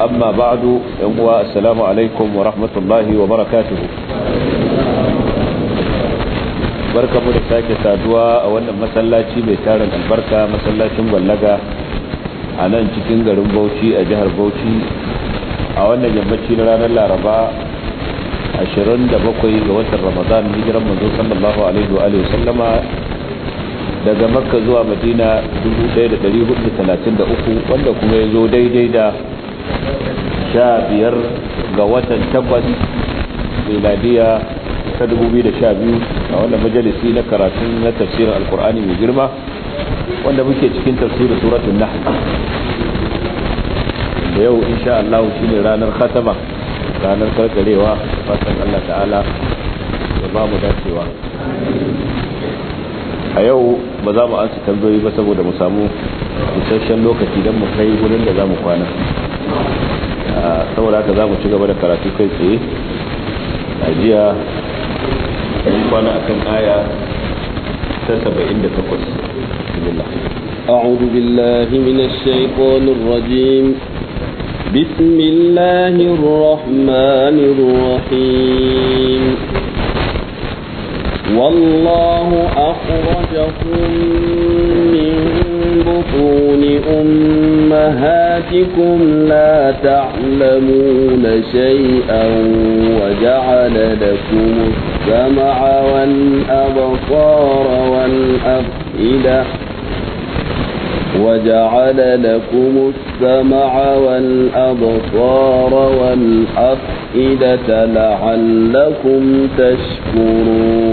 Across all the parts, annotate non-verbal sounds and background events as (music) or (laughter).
amma ba'du yan uwa assalamu alaikum wa rahmatullahi wa barakatuhu barkamu da sake saduwa a wannan masallaci mai tarin albarka masallacin gwallaga a nan cikin garin Bauchi a jihar Bauchi a wannan yammaci na ranar Laraba 27 ga watan Ramadan hijiran manzo sallallahu alaihi wa alihi sallama daga makka zuwa madina 1433 wanda kuma ya zo daidai da sha biyar ga watan takwas miladiya ta 2012 a wannan majalisi na karatu na tafsirin alkur'ani mai girma wanda muke cikin tafsirin suratun nahl da yau insha Allah shine ranar khatama ranar karkarewa fatan Allah ta'ala ya ba mu dacewa a yau ba za mu ansa tambayoyi ba saboda mu samu isasshen lokaci don mu kai wurin da za mu kwana saboda haka za mu ci gaba da karatu kai tsaye a jiya yi kwana akan aya ta 78 أعوذ بالله من الشيطان الرجيم بسم الله الرحمن الرحيم والله أخرجكم من بطون أمهاتكم لا تعلمون شيئا وجعل لكم السمع والأبصار والأفئدة وجعل لكم السمع والأبصار والأفئدة لعلكم تشكرون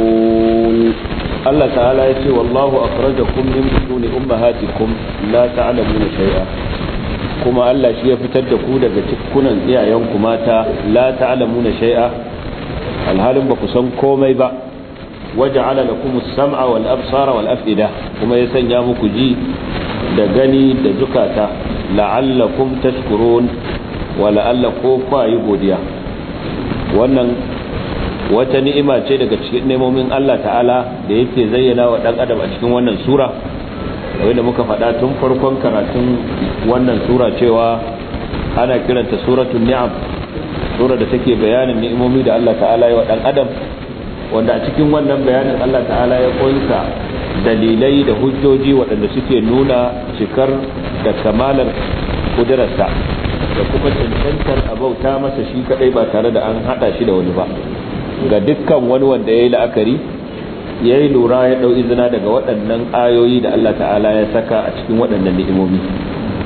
Allah ta'ala ya ce wallahu akhrajakum min butuni ummahatikum la ta'lamuna shay'a kuma Allah shi ya fitar da ku daga cikunan iyayenku mata la ta'lamuna shay'a alhalin ba ku san komai ba waja'ala lakum as-sam'a wal absara wal af'ida kuma ya sanya muku ji da gani da zukata la'allakum tashkurun wa la'allakum kwayi godiya wannan wata ni'ima ce daga cikin nemomin Allah ta'ala da yake zayyana wa dan adam a cikin wannan sura wanda muka faɗa tun farkon karatun wannan sura cewa ana kiranta suratul ni'am sura da take bayanin ni'imomi da Allah ta'ala ya wa dan adam wanda a cikin wannan bayanin Allah ta'ala ya kunsa dalilai da hujjoji waɗanda suke nuna cikar da kamalar kudurarsa da kuma cancantar abauta masa shi kaɗai ba tare da an haɗa shi da wani ba ga dukkan wani wanda ya yi la'akari ya yi lura ya ɗau izina daga waɗannan ayoyi da Allah ta'ala ya saka a cikin waɗannan ni'imomi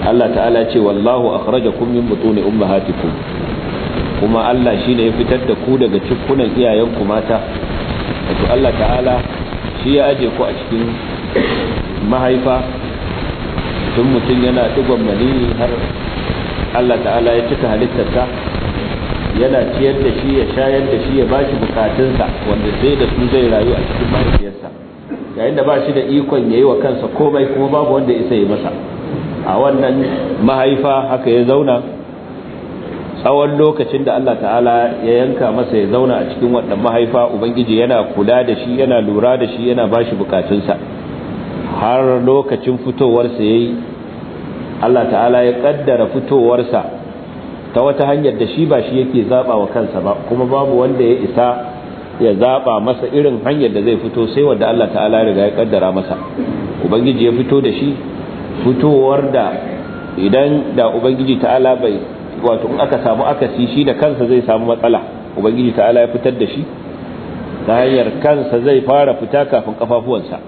Allah ta'ala ce wallahu akhrajakum min butuni ummahatikum kuma Allah shine ya fitar da ku daga cikunan iyayenku mata wato Allah ta'ala shi ya aje ku a cikin mahaifa tun mutum yana digon manini har Allah ta'ala ya cika halittarsa yana ciyar da shi ya shayar da shi ya bashi bukatunsa wanda sai da su zai rayu a cikin mahaifiyarsa yayin da ba shi da ikon ya yi wa kansa komai kuma babu wanda isa yi masa a wannan mahaifa haka ya zauna tsawon lokacin da Allah ta'ala ya yanka masa ya zauna a cikin wannan mahaifa ubangiji yana kula da shi yana lura da shi yana bashi bukatunsa har lokacin fitowarsa yayi Allah ta'ala ya kaddara fitowarsa ta wata hanyar da shi ba shi yake zaba wa kansa ba kuma babu wanda ya isa ya zaba masa irin hanyar da zai fito sai wanda Allah ta'ala ya riga ya kaddara masa ubangiji ya fito da shi fitowar da idan da ubangiji ta'ala bai wato in aka samu akasi shi da kansa zai samu matsala ubangiji ta'ala ya fitar da shi ta hanyar kansa zai fara fita kafin kafafuwansa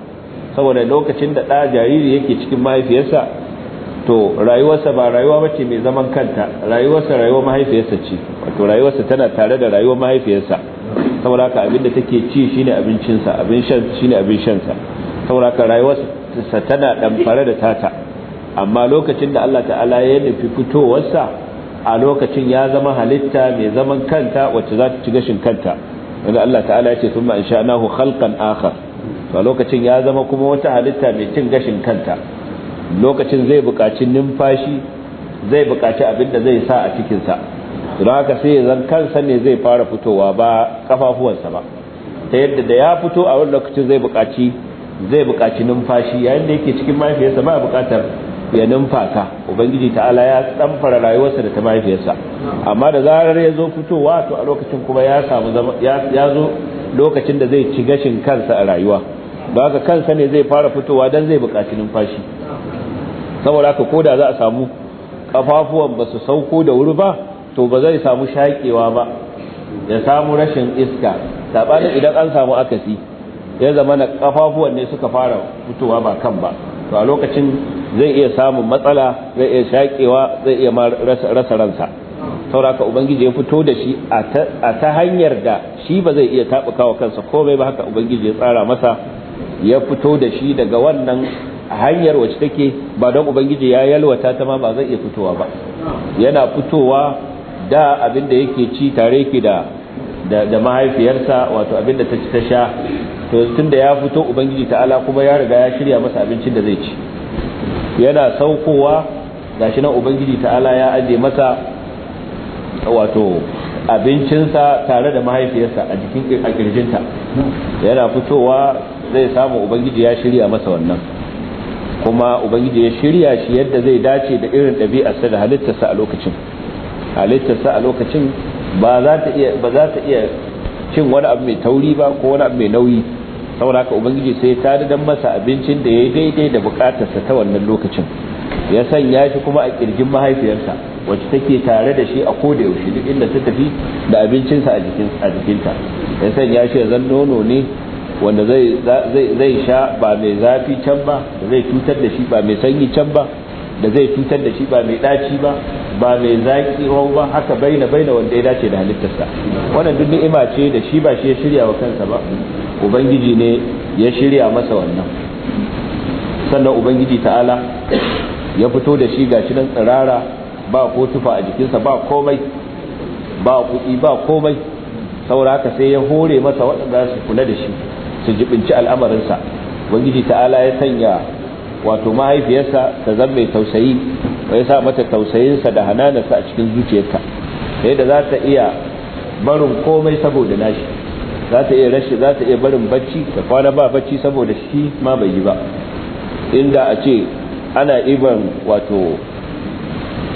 saboda lokacin da ɗa jariri yake cikin mahaifiyarsa to rayuwarsa ba rayuwa bace mai zaman kanta rayuwarsa rayuwar mahaifiyarsa ce wato rayuwarsa tana tare da rayuwar mahaifiyarsa saboda haka abinda take ci shine abincinsa abin shan shine abin shansa saboda haka rayuwarsa tana fara da tata amma lokacin da Allah ta'ala ya nufi fitowarsa a lokacin ya zama halitta mai zaman kanta wacce za ta ci gashin kanta wanda Allah ta'ala ya ce thumma insha'nahu khalqan akhar to lokacin ya zama kuma wata halitta mai cin gashin kanta lokacin zai buƙaci numfashi zai buƙaci abin da zai sa a cikinsa don haka sai zan kansa ne zai fara fitowa ba kafafuwansa ba ta yadda da ya fito a wani lokacin zai buƙaci zai buƙaci numfashi yayin da yake cikin mahaifiyarsa ba buƙatar ya numfasa ubangiji ta'ala ya tsamfara rayuwarsa da ta mahaifiyarsa amma da zarar ya zo fitowa to a lokacin kuma ya samu ya zo lokacin da zai ci gashin kansa a rayuwa ba haka kansa ne zai fara fitowa don zai buƙaci numfashi saboda haka ko da za a samu kafafuwan ba su sauko da wuri ba to ba zai samu shaƙewa ba ya samu rashin iska saɓanin idan an samu akasi ya zama na kafafuwan ne suka fara fitowa ba kan ba to a lokacin zai iya samun matsala zai iya shaƙewa zai iya rasa ransa haka ubangiji ya fito da shi a ta hanyar da shi ba zai iya taɓuka kansa komai ba haka ubangiji ya tsara masa ya fito da shi daga wannan A hanyar wacce take ba don ubangiji ya yalwata ta ma ba zai iya fitowa ba yana fitowa da abin da yake ci tare yake da da mahaifiyarsa wato abin da ta ci ta sha to tun da ya fito ubangiji ta'ala kuma ya riga ya shirya masa abincin da zai ci yana saukowa gashi nan ubangiji ta'ala ya aje masa wato abincinsa tare da mahaifiyarsa a jikin a kirjinta yana fitowa zai samu ubangiji ya shirya masa wannan kuma ubangiji ya shirya shi yadda zai dace da irin ɗabi'arsa da halittarsa a lokacin halittarsa a lokacin ba za ta iya ba za ta iya cin wani abu mai tauri ba ko wani abu mai nauyi saboda haka ubangiji sai ya tada dan masa abincin da yayi daidai da bukatarsa ta wannan lokacin ya sanya shi kuma a kirgin mahaifiyarsa wacce take tare da shi a koda yaushe duk inda ta tafi da abincinsa a jikin a jikinta ya sanya shi ya zan nono ne wanda zai sha ba mai zafi can ba da zai cutar da shi ba mai sanyi can ba da zai cutar da shi ba mai daci ba ba mai zaki hau ba haka baina baina wanda ya dace da halittarsa wannan duk ni'ima ce da shi ba shi ya shirya wa kansa ba ubangiji ne ya shirya masa wannan sannan ubangiji ta'ala ya fito da shi ga shi nan tsirara ba ko tufa a jikinsa ba komai ba kuɗi ba komai saboda haka sai ya hore masa waɗanda su kula da shi su jibinci al'amarinsa ubangiji ta'ala ya sanya wato mahaifiyarsa ta zama mai tausayi ko ya sa mata tausayinsa da hananarsa a cikin zuciyarta da za ta iya barin komai saboda nashi za ta iya rashi za ta iya barin bacci ta kwana ba bacci saboda shi ma bai yi ba inda a ce ana iban wato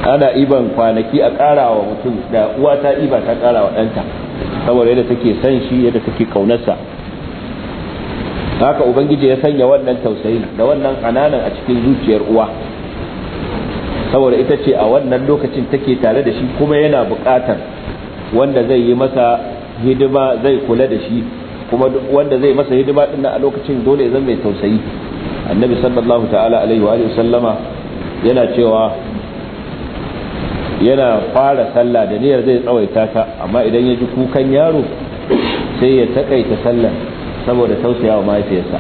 ana iban kwanaki a karawa mutum da uwa ta iba ta karawa ɗanta saboda yadda take son shi yadda take kaunarsa haka ubangiji ya sanya wannan tausayin da wannan hananan a cikin zuciyar uwa saboda ita ce a wannan lokacin take tare da shi kuma yana buƙatar wanda zai yi masa hidima zai kula da shi kuma wanda zai masa hidima din a lokacin dole ya mai tausayi annabi sallallahu ta'ala alaihi wa sallama yana cewa yana fara sallah da niyyar zai tsawaita ta amma idan ya ji kukan yaro sai ya takaita sallar saboda tausayawa mahaifiyarsa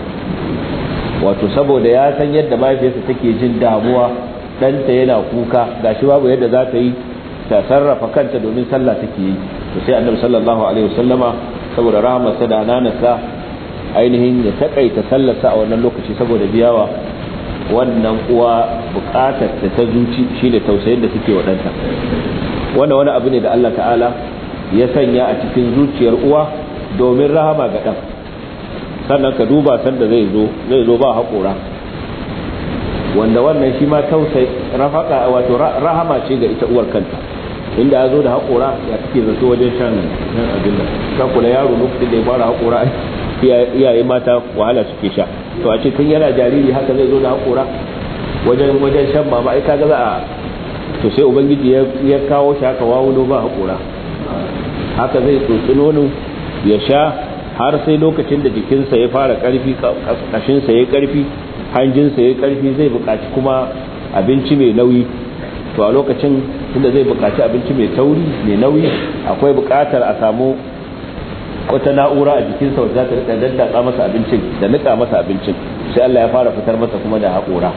wato saboda ya san yadda mahaifiyarsa take jin damuwa ɗanta yana kuka gashi babu yadda za ta yi ta sarrafa kanta domin sallah take yi to sai annabi sallallahu alaihi wasallama saboda rahmatsa da nanasa ainihin ya takaita sallarsa a wannan lokaci saboda biyawa wannan uwa bukatar ta ta zuci shine tausayin da suke waɗanta wanda wani abu ne da Allah ta'ala ya sanya a cikin zuciyar uwa domin rahama ga ɗan sannan ka duba sanda zai zo zai zo ba haƙora wanda wannan shi ma tausai rafaka wato rahama ce ga ita uwar kanta inda ya zo da haƙora ya take zato wajen shan nan abin nan ka kula yaro lokacin da ya fara haƙora iyaye mata wahala suke sha to a ce tun yana jariri haka zai zo da haƙora wajen wajen shan mama ai kaga za a to sai ubangiji ya kawo shi haka wawulo ba haƙora haka zai tsotsi nono ya sha har sai lokacin da jikinsa ya fara karfi kashinsa ya karfi hanjinsa ya karfi zai buƙaci kuma abinci mai nauyi to a lokacin inda zai buƙaci abinci mai tauri mai nauyi akwai buƙatar a samu wata na'ura a jikinsa wadda za ta rika daddaka masa abincin da nika masa abincin sai Allah ya fara fitar masa kuma da haƙora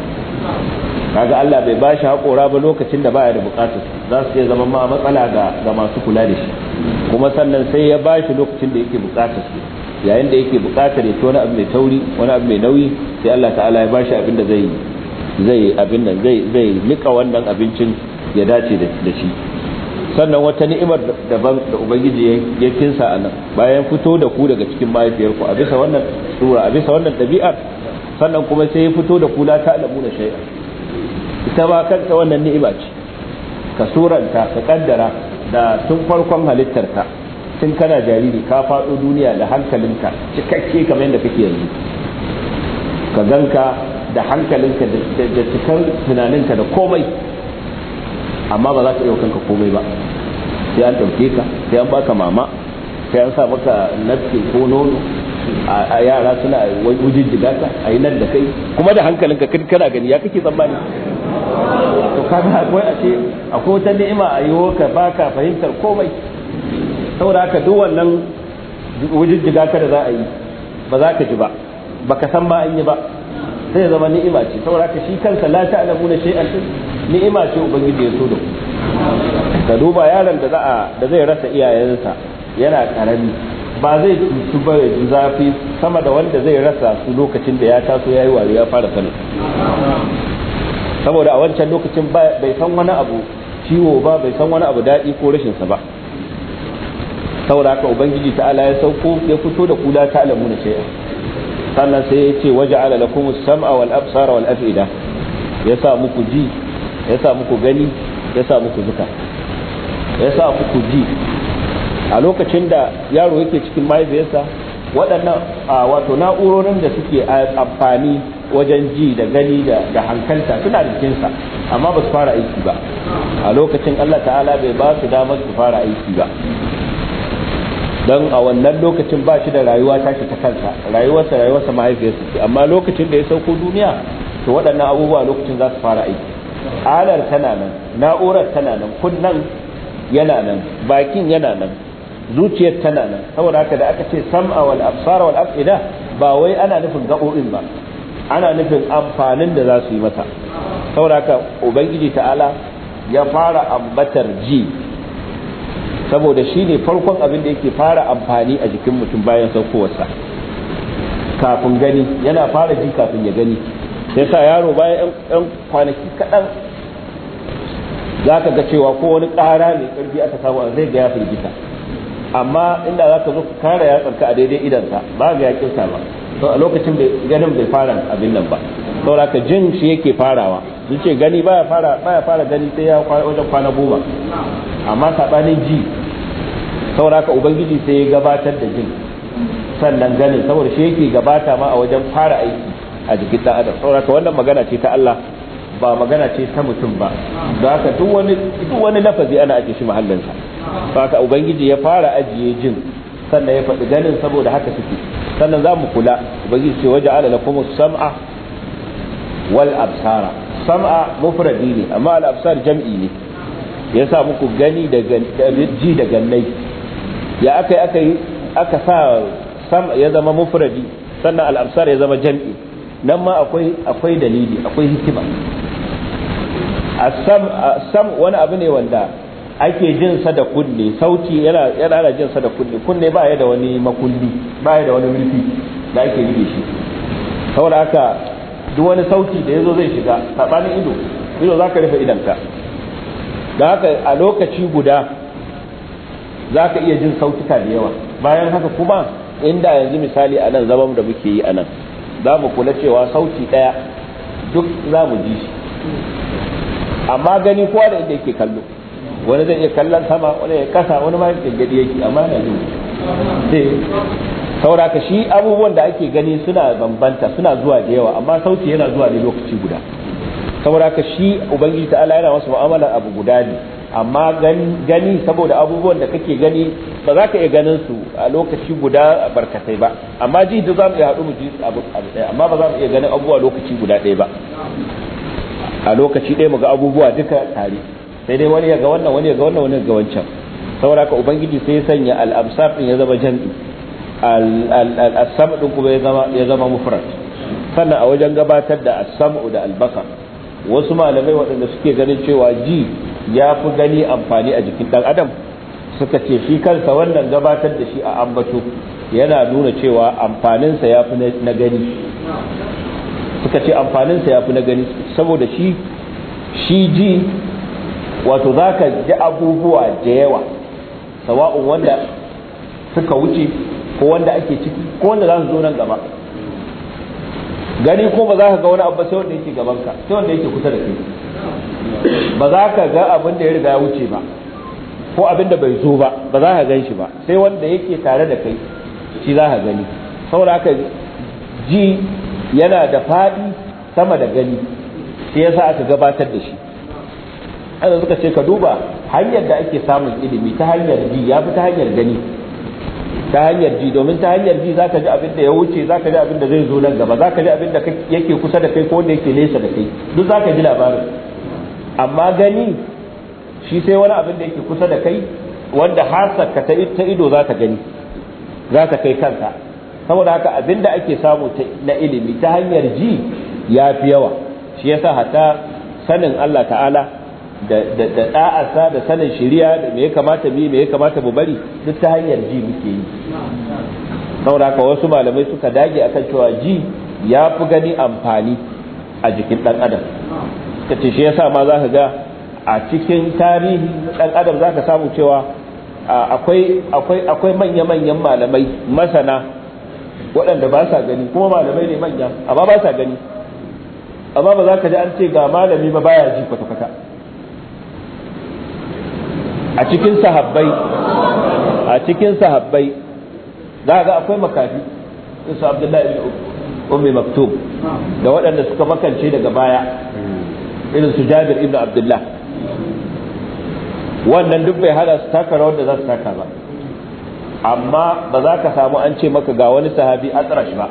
kaga Allah bai bashi haƙora ba lokacin da baya da buƙatar za su iya zama ma matsala ga masu kula da shi kuma sannan sai ya ba shi lokacin da yake bukatar su yayin da yake bukatar ya ci wani abu mai tauri wani abu mai nauyi sai Allah ta'ala ya ba shi abin da zai zai abin nan zai zai lika wannan abincin ya dace da shi sannan wata ni'imar daban da ubangiji ya kinsa a nan bayan fito da ku daga cikin mahaifiyarku a bisa wannan sura a bisa wannan ɗabi'ar sannan kuma sai ya fito da ku la ta'lamu na shay'a ita ba kanta wannan ni'ima ce ka suranta ka kaddara da tun farkon halittarka tun kana jariri ka faɗo duniya da hankalinka cikakke kamar yadda kake yanzu ka ganka da hankalinka da cikar tunaninka da komai amma ba za ka iya kanka komai ba sai an ɗauke ka sai an baka mama sai an sa maka nafke ko nono a yara suna wujin jigata a yi nan da kai kuma da hankalinka kana gani ya kake tsammani kaga akwai a ce akwai wata ni'ima a yi ka ka fahimtar komai saboda haka duk wannan wujijjiga ka da za a yi ba za ka ji ba ba ka san ma an yi ba sai zama ni'ima ce saboda haka shi kansa la shi na shay'an ni'ima ce ubangiji ya so da ka duba yaron da za a da zai rasa iyayensa yana karami ba zai cutu ba ya ji zafi sama da wanda zai rasa su lokacin da ya taso ya yi wari ya fara sanin saboda a wancan lokacin bai san wani abu ciwo ba bai san wani abu daɗi ko rashin sa ba saboda haka ubangiji ta'ala ya sauko ya fito da kula ta alamu na shay'a sannan sai ya ce waja'ala lakum as-sam'a wal absara wal af'ida ya sa muku ji ya sa muku gani ya sa muku zuka ya sa muku ji a lokacin da yaro yake cikin mahaifiyarsa waɗannan wato na'urorin da suke amfani wajen ji da gani da hankalta suna jikinsa amma ba su fara aiki ba a lokacin Allah ta'ala bai ba su damar su fara aiki ba don a wannan lokacin ba shi da rayuwa tashi ta kansa rayuwarsa rayuwarsa mahaifiyarsa ce amma lokacin da ya sauko duniya to waɗannan abubuwa lokacin za su fara aiki alar tana nan na'urar tana nan kunnan yana nan bakin yana nan zuciyar tana nan saboda haka da aka ce sam'a wal absara wal afida ba wai ana nufin gaɓoɓin ba ana nufin amfanin da za su yi mata sauraka ubangiji ta'ala ya fara ambatar ji saboda shi ne farkon abin da yake fara amfani a jikin mutum bayan saukowarsa kafin gani yana fara ji kafin ya gani sai sa yaro bayan 'yan kwanaki kaɗan za ka ga cewa ko wani ƙara mai ƙarfi aka samu zai ga ya firgita amma inda za ka zo ka kara yatsarka a daidai idansa ba ga kirta ba to a lokacin da ganin bai fara abin nan ba saboda ka jin shi yake farawa su ce gani baya fara baya fara gani sai ya fara wajen kwana goma amma sabanin ji saboda ka ubangiji sai ya gabatar da jin sannan ganin saboda shi yake gabata ma a wajen fara aiki a jikin dan adam saboda ka wannan magana ce ta Allah ba magana ce ta mutum ba da haka duk wani duk wani lafazi ana ake shi mahallinsa haka ubangiji ya fara ajiye jin sannan ya faɗi ganin saboda haka suke sannan za mu kula ubangiji ce waje ala lakum sam'a wal absara sam'a mufradi ne amma al absar jam'i ne ya sa muku gani da ji da gannai ya aka aka aka sa sam ya zama mufradi sannan al absar ya zama jam'i nan ma akwai akwai dalili akwai hikima as-sam wani abu ne wanda ake jin sa da kunne sauti yana yana jin sa da kunne kunne ba ya da wani makulli ba ya da wani murfi da ake yi shi saboda haka duk wani sauti da yazo zai shiga sabanin ido ido zaka rufe idanka da haka a lokaci guda zaka iya jin sautuka da yawa bayan haka kuma inda yanzu misali a nan zaman da muke yi a nan za mu kula cewa sauti ɗaya duk za mu ji shi amma gani kowa da inda yake kallo wani zai iya kallon sama wani ya kasa wani ma yake gadi yake amma na jin eh, sai ka shi abubuwan da ake gani suna bambanta suna zuwa da yawa amma sauti yana zuwa da lokaci guda ka shi ubangiji ta'ala yana wasu mu'amala abu guda ne amma gani saboda abubuwan da kake gani ba za ka iya ganin su a lokaci guda barkatai ba amma ji da za mu iya haɗu mu ji abu ɗaya amma ba za mu iya ganin abubuwa lokaci guda ɗaya ba a lokaci ɗaya mu ga abubuwa duka tare sai dai wani ya ga wannan wani ya ga wannan wani ya ga wancan saboda haka ubangiji sai ya sanya al-absar din ya zama jam'i al ɗin din kuma ya zama mufrad sannan a wajen gabatar da as-sam'u da al wasu malamai waɗanda suke ganin cewa ji ya fi gani amfani a jikin dan adam suka ce shi kansa wannan gabatar da shi a ambato yana nuna cewa amfaninsa ya fi na gani suka ce amfaninsa ya fi na gani saboda shi shi ji wato za ka ji abubuwa da yawa sawa'un wanda suka wuce ko wanda ake ciki ko wanda za su zo nan gaba gani ko ba za ka ga wani abu sai wanda yake ka sai wanda yake kusa da kai ba za ka ga abin da ya riga ya wuce ba ko abin da bai zo ba ba za ka gan shi ba sai wanda yake tare da kai shi za ka gani saboda haka ji yana da faɗi sama da gani sai yasa aka gabatar da shi ana suka ce ka duba hanyar da ake samun ilimi ta hanyar ji ya fi ta hanyar gani ta hanyar ji domin ta hanyar ji za ka ji abin da ya wuce za ka ji abin da zai zo nan gaba za ka ji abin da yake kusa da kai ko wanda yake nesa da kai duk za ka ji labarin amma gani shi sai wani abin da yake kusa da kai wanda ka ta ido za ka gani za ka kai kanka saboda haka abin da ake samu na ilimi ta hanyar ji ya fi yawa shi yasa hatta sanin Allah ta'ala da da'asa da sanin shari'a da me ya kamata bi me ya kamata mu bari duk ta hanyar ji muke yi saboda haka wasu malamai suka dage akan cewa ji ya fi gani amfani a jikin dan adam kace shi yasa ma zaka ga a cikin tarihi dan adam zaka samu cewa akwai akwai akwai manya-manyan malamai masana waɗanda ba sa gani kuma malamai ne manya amma ba sa gani amma ba za ka ji an ce ga malami ba baya ji kwata-kwata a cikin sahabbai a cikin sahabbai za ga akwai makafi su abdullahi ibn ummi umm maktub da waɗanda suka makance daga baya irin su jabir ibn abdullah wannan duk bai hada su taka rawar da za su taka ba amma ba za ka samu an ce maka ga wani sahabi atrash ba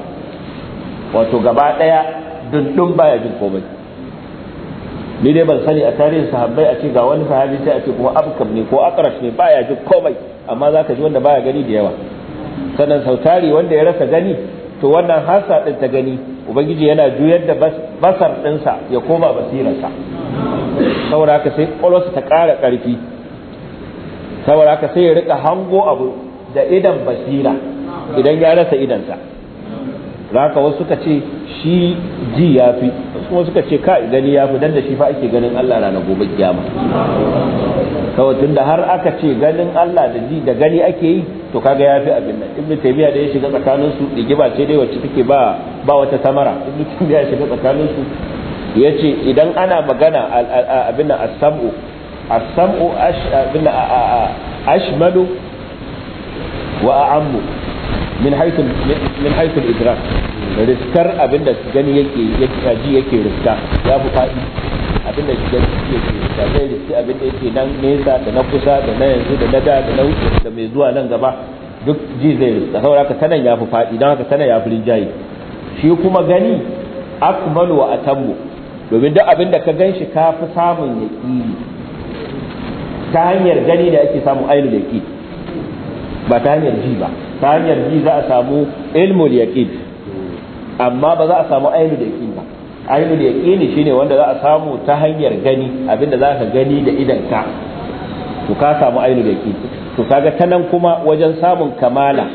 wato gaba ɗaya dundun baya jin komai ni dai ban sani a tarihin sahabbai a ce ga wani sahabi sai a ce kuma abkam ne ko akrash ne baya ji komai amma zaka ji wanda baya gani da yawa sannan sautari wanda ya rasa gani to wannan hasa din ta gani ubangiji yana juyar da basar ɗinsa ya koma basirarsa saboda haka sai kwalwarsa ta kara karfi saboda haka sai ya rika hango abu da idan basira idan ya rasa idansa zaka wasu suka ce shi ji ya fi kuma suka ce ka gani ya fi dan da shi fa ake ganin Allah ranar gobe kiyama kawai tunda har aka ce ganin Allah da ji da gani ake yi to kaga ya fi abin nan ibnu taymiya da ya shiga tsakanin su digiba ce dai wacce take ba ba wata samara ibnu taymiya ya shiga tsakanin su yace idan ana magana abin nan as-sam'u as-sam'u ashmalu wa a'ammu min haythu min haythu idrak riskar abinda gani yake yake ji yake riska ya fi faɗi abinda gani yake riska zai riski abinda yake nan nesa da na kusa da na yanzu da na da da na wuce da mai zuwa nan gaba duk ji zai riska saboda haka sanan ya fi faɗi don haka sanan ya fi rinjaye shi kuma gani akmalu wa atammu domin duk abinda ka gan shi ka fi samun yaƙini ta hanyar gani da ake samun ainihin yaƙini ba ta hanyar ji ba ta hanyar ji za a samu ilmul yaqin amma ba za a samu ainul yaqin ba ainul shi shine wanda za a samu ta hanyar gani abinda za ka gani da ka to ka samu ainul yaqin to kaga ta nan kuma wajen samun kamala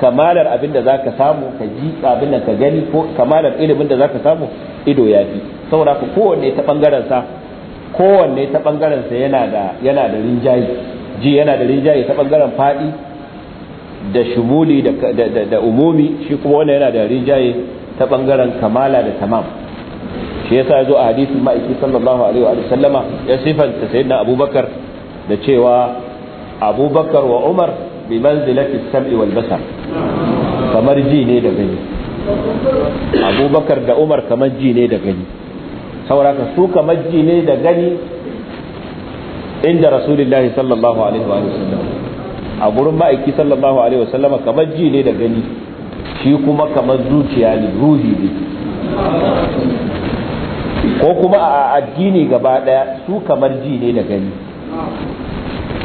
kamalar abinda za ka samu ka ji abin da ka gani ko kamalar ilimin da za ka samu ido ya fi saboda ku kowanne ta bangaren sa kowanne ta bangaren sa yana da yana da rinjayi ji yana da rinjayi ta bangaren fadi da shumuli da umumi shi kuma wanda yana da rijaye ta bangaren kamala da tamam shi yasa yazo a hadisin ma'aiki sallallahu alaihi wa sallama ya sifanta sayyidina abubakar da cewa abubakar wa umar bi manzilati sam'i wal basar kamar ji ne da gani abubakar da umar kamar ji ne da gani sauraka su kamar ji ne da gani inda rasulullahi sallallahu alaihi wa sallam a gurin ma'aiki sallallahu alaihi wasallama kamar ji ne da gani shi kuma kamar zuciya ne ruhi ne ko kuma a addini gaba daya su kamar ji ne da gani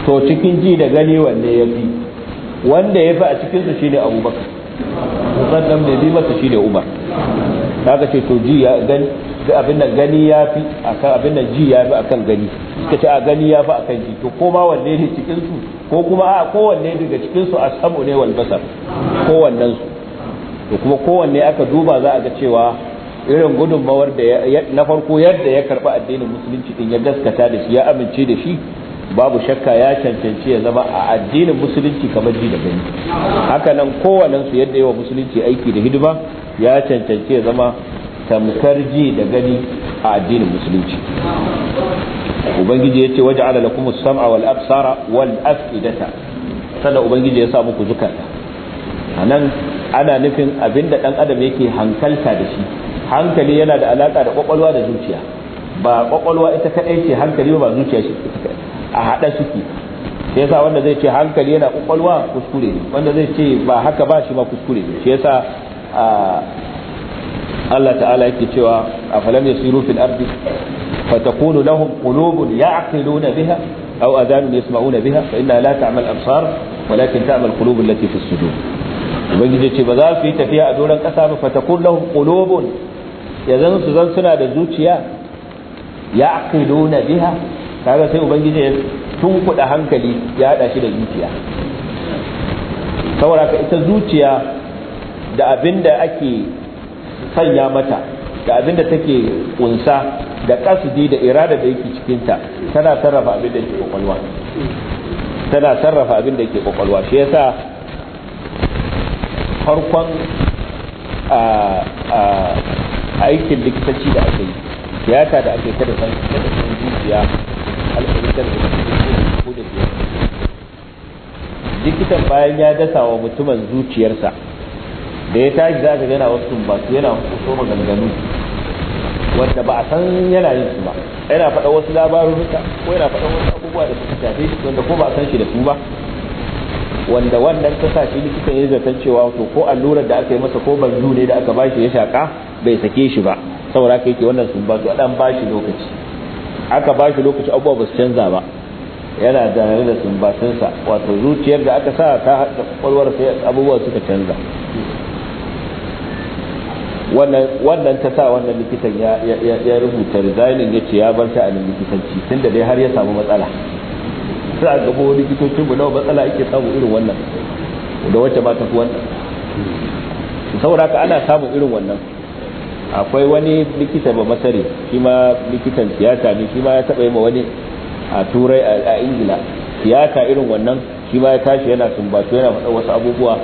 to cikin ji da gani wanne ya fi wanda ya fi a cikinsu shi ne abubakar musaddam ne bi masa shi ne umar ta ce to ji ya gani da abin da gani ya fi akan abin da ji ya fi akan gani suka ce a gani ya fi akan ji to ko ma wanne ne cikin su ko kuma a ko wanne daga cikin su asabu ne wal basar wannan su to kuma ko wanne aka duba za a ga cewa irin gudunmawar da na farko yadda ya karba addinin musulunci din ya gaskata da shi ya amince da shi babu shakka ya cancanci ya zama a addinin musulunci kamar ji da gani haka nan kowannen su yadda yawa musulunci aiki da hidima ya cancanci ya zama tamkar ji da gani a addinin musulunci ubangiji ya ce waje ala kuma sam'a wal absara wal afidata sannan ubangiji ya sa muku zukata nan ana nufin abinda dan adam yake hankalta da shi hankali yana da alaka da ƙwaƙwalwa da zuciya ba ƙwaƙwalwa ita kadai ce hankali ba zuciya shi a haɗa suke shi yasa wanda zai ce hankali yana kwakwalwa kuskure ne wanda zai ce ba haka ba shi ma kuskure ne shi yasa Allah ta'ala yake cewa afalam yasiru fil ardi fatakunu lahum qulubun ya'qiluna biha aw adhanun yasma'una biha fa inna la ta'mal absar walakin ta'mal qulub allati fi sudur ubangiji ce ba za su yi tafiya a doron kasa ba fatakun lahum qulubun yanzu su zan suna da zuciya ya'qiluna biha kaga sai ubangiji ya tunkuda hankali ya hada shi da zuciya saboda ka ita zuciya da abinda ake sanya mata da abin da take kunsa da kasidi da irada da yake cikinta tana sarrafa abin da yake kwakwalwa tana sarrafa abin da yake kwakwalwa shi yasa farkon aikin likitanci da ake yi tiyata da ake kada san kada san zuciya alƙalitar da ko da likitan bayan ya dasa wa mutumin zuciyarsa da ya tashi za ka gana wasu tumbatu yana kuso maganganu wanda ba a san yana yin su ba yana faɗa wasu labaruruka ko yana faɗa wasu abubuwa da suka tafi shi wanda ko ba a san shi da su ba wanda wannan ta sa shi likita ya zaton cewa to ko allurar da aka yi masa ko banzu ne da aka ba shi ya shaka bai sake shi ba saboda haka yake wannan sun su a ba shi lokaci aka ba shi lokaci abubuwa ba su canza ba yana zanare da sumbatunsa wato zuciyar da aka sa ta haɗa kwakwalwar sai abubuwa suka canza wannan ta sa wannan likitan ya rubuta resignin ya ce ya bar sha'anin likitanci tun da dai har ya samu matsala sai a gabo likitocin mu nawa matsala ake samu irin wannan da wacce ba ta fi wannan saboda ka ana samun irin wannan akwai wani likita ba masare shi ma likitan tiyata ne shi ma ya taba yi ma wani a turai a ingila tiyata irin wannan shi ma ya tashi yana sumbatu yana faɗa wasu abubuwa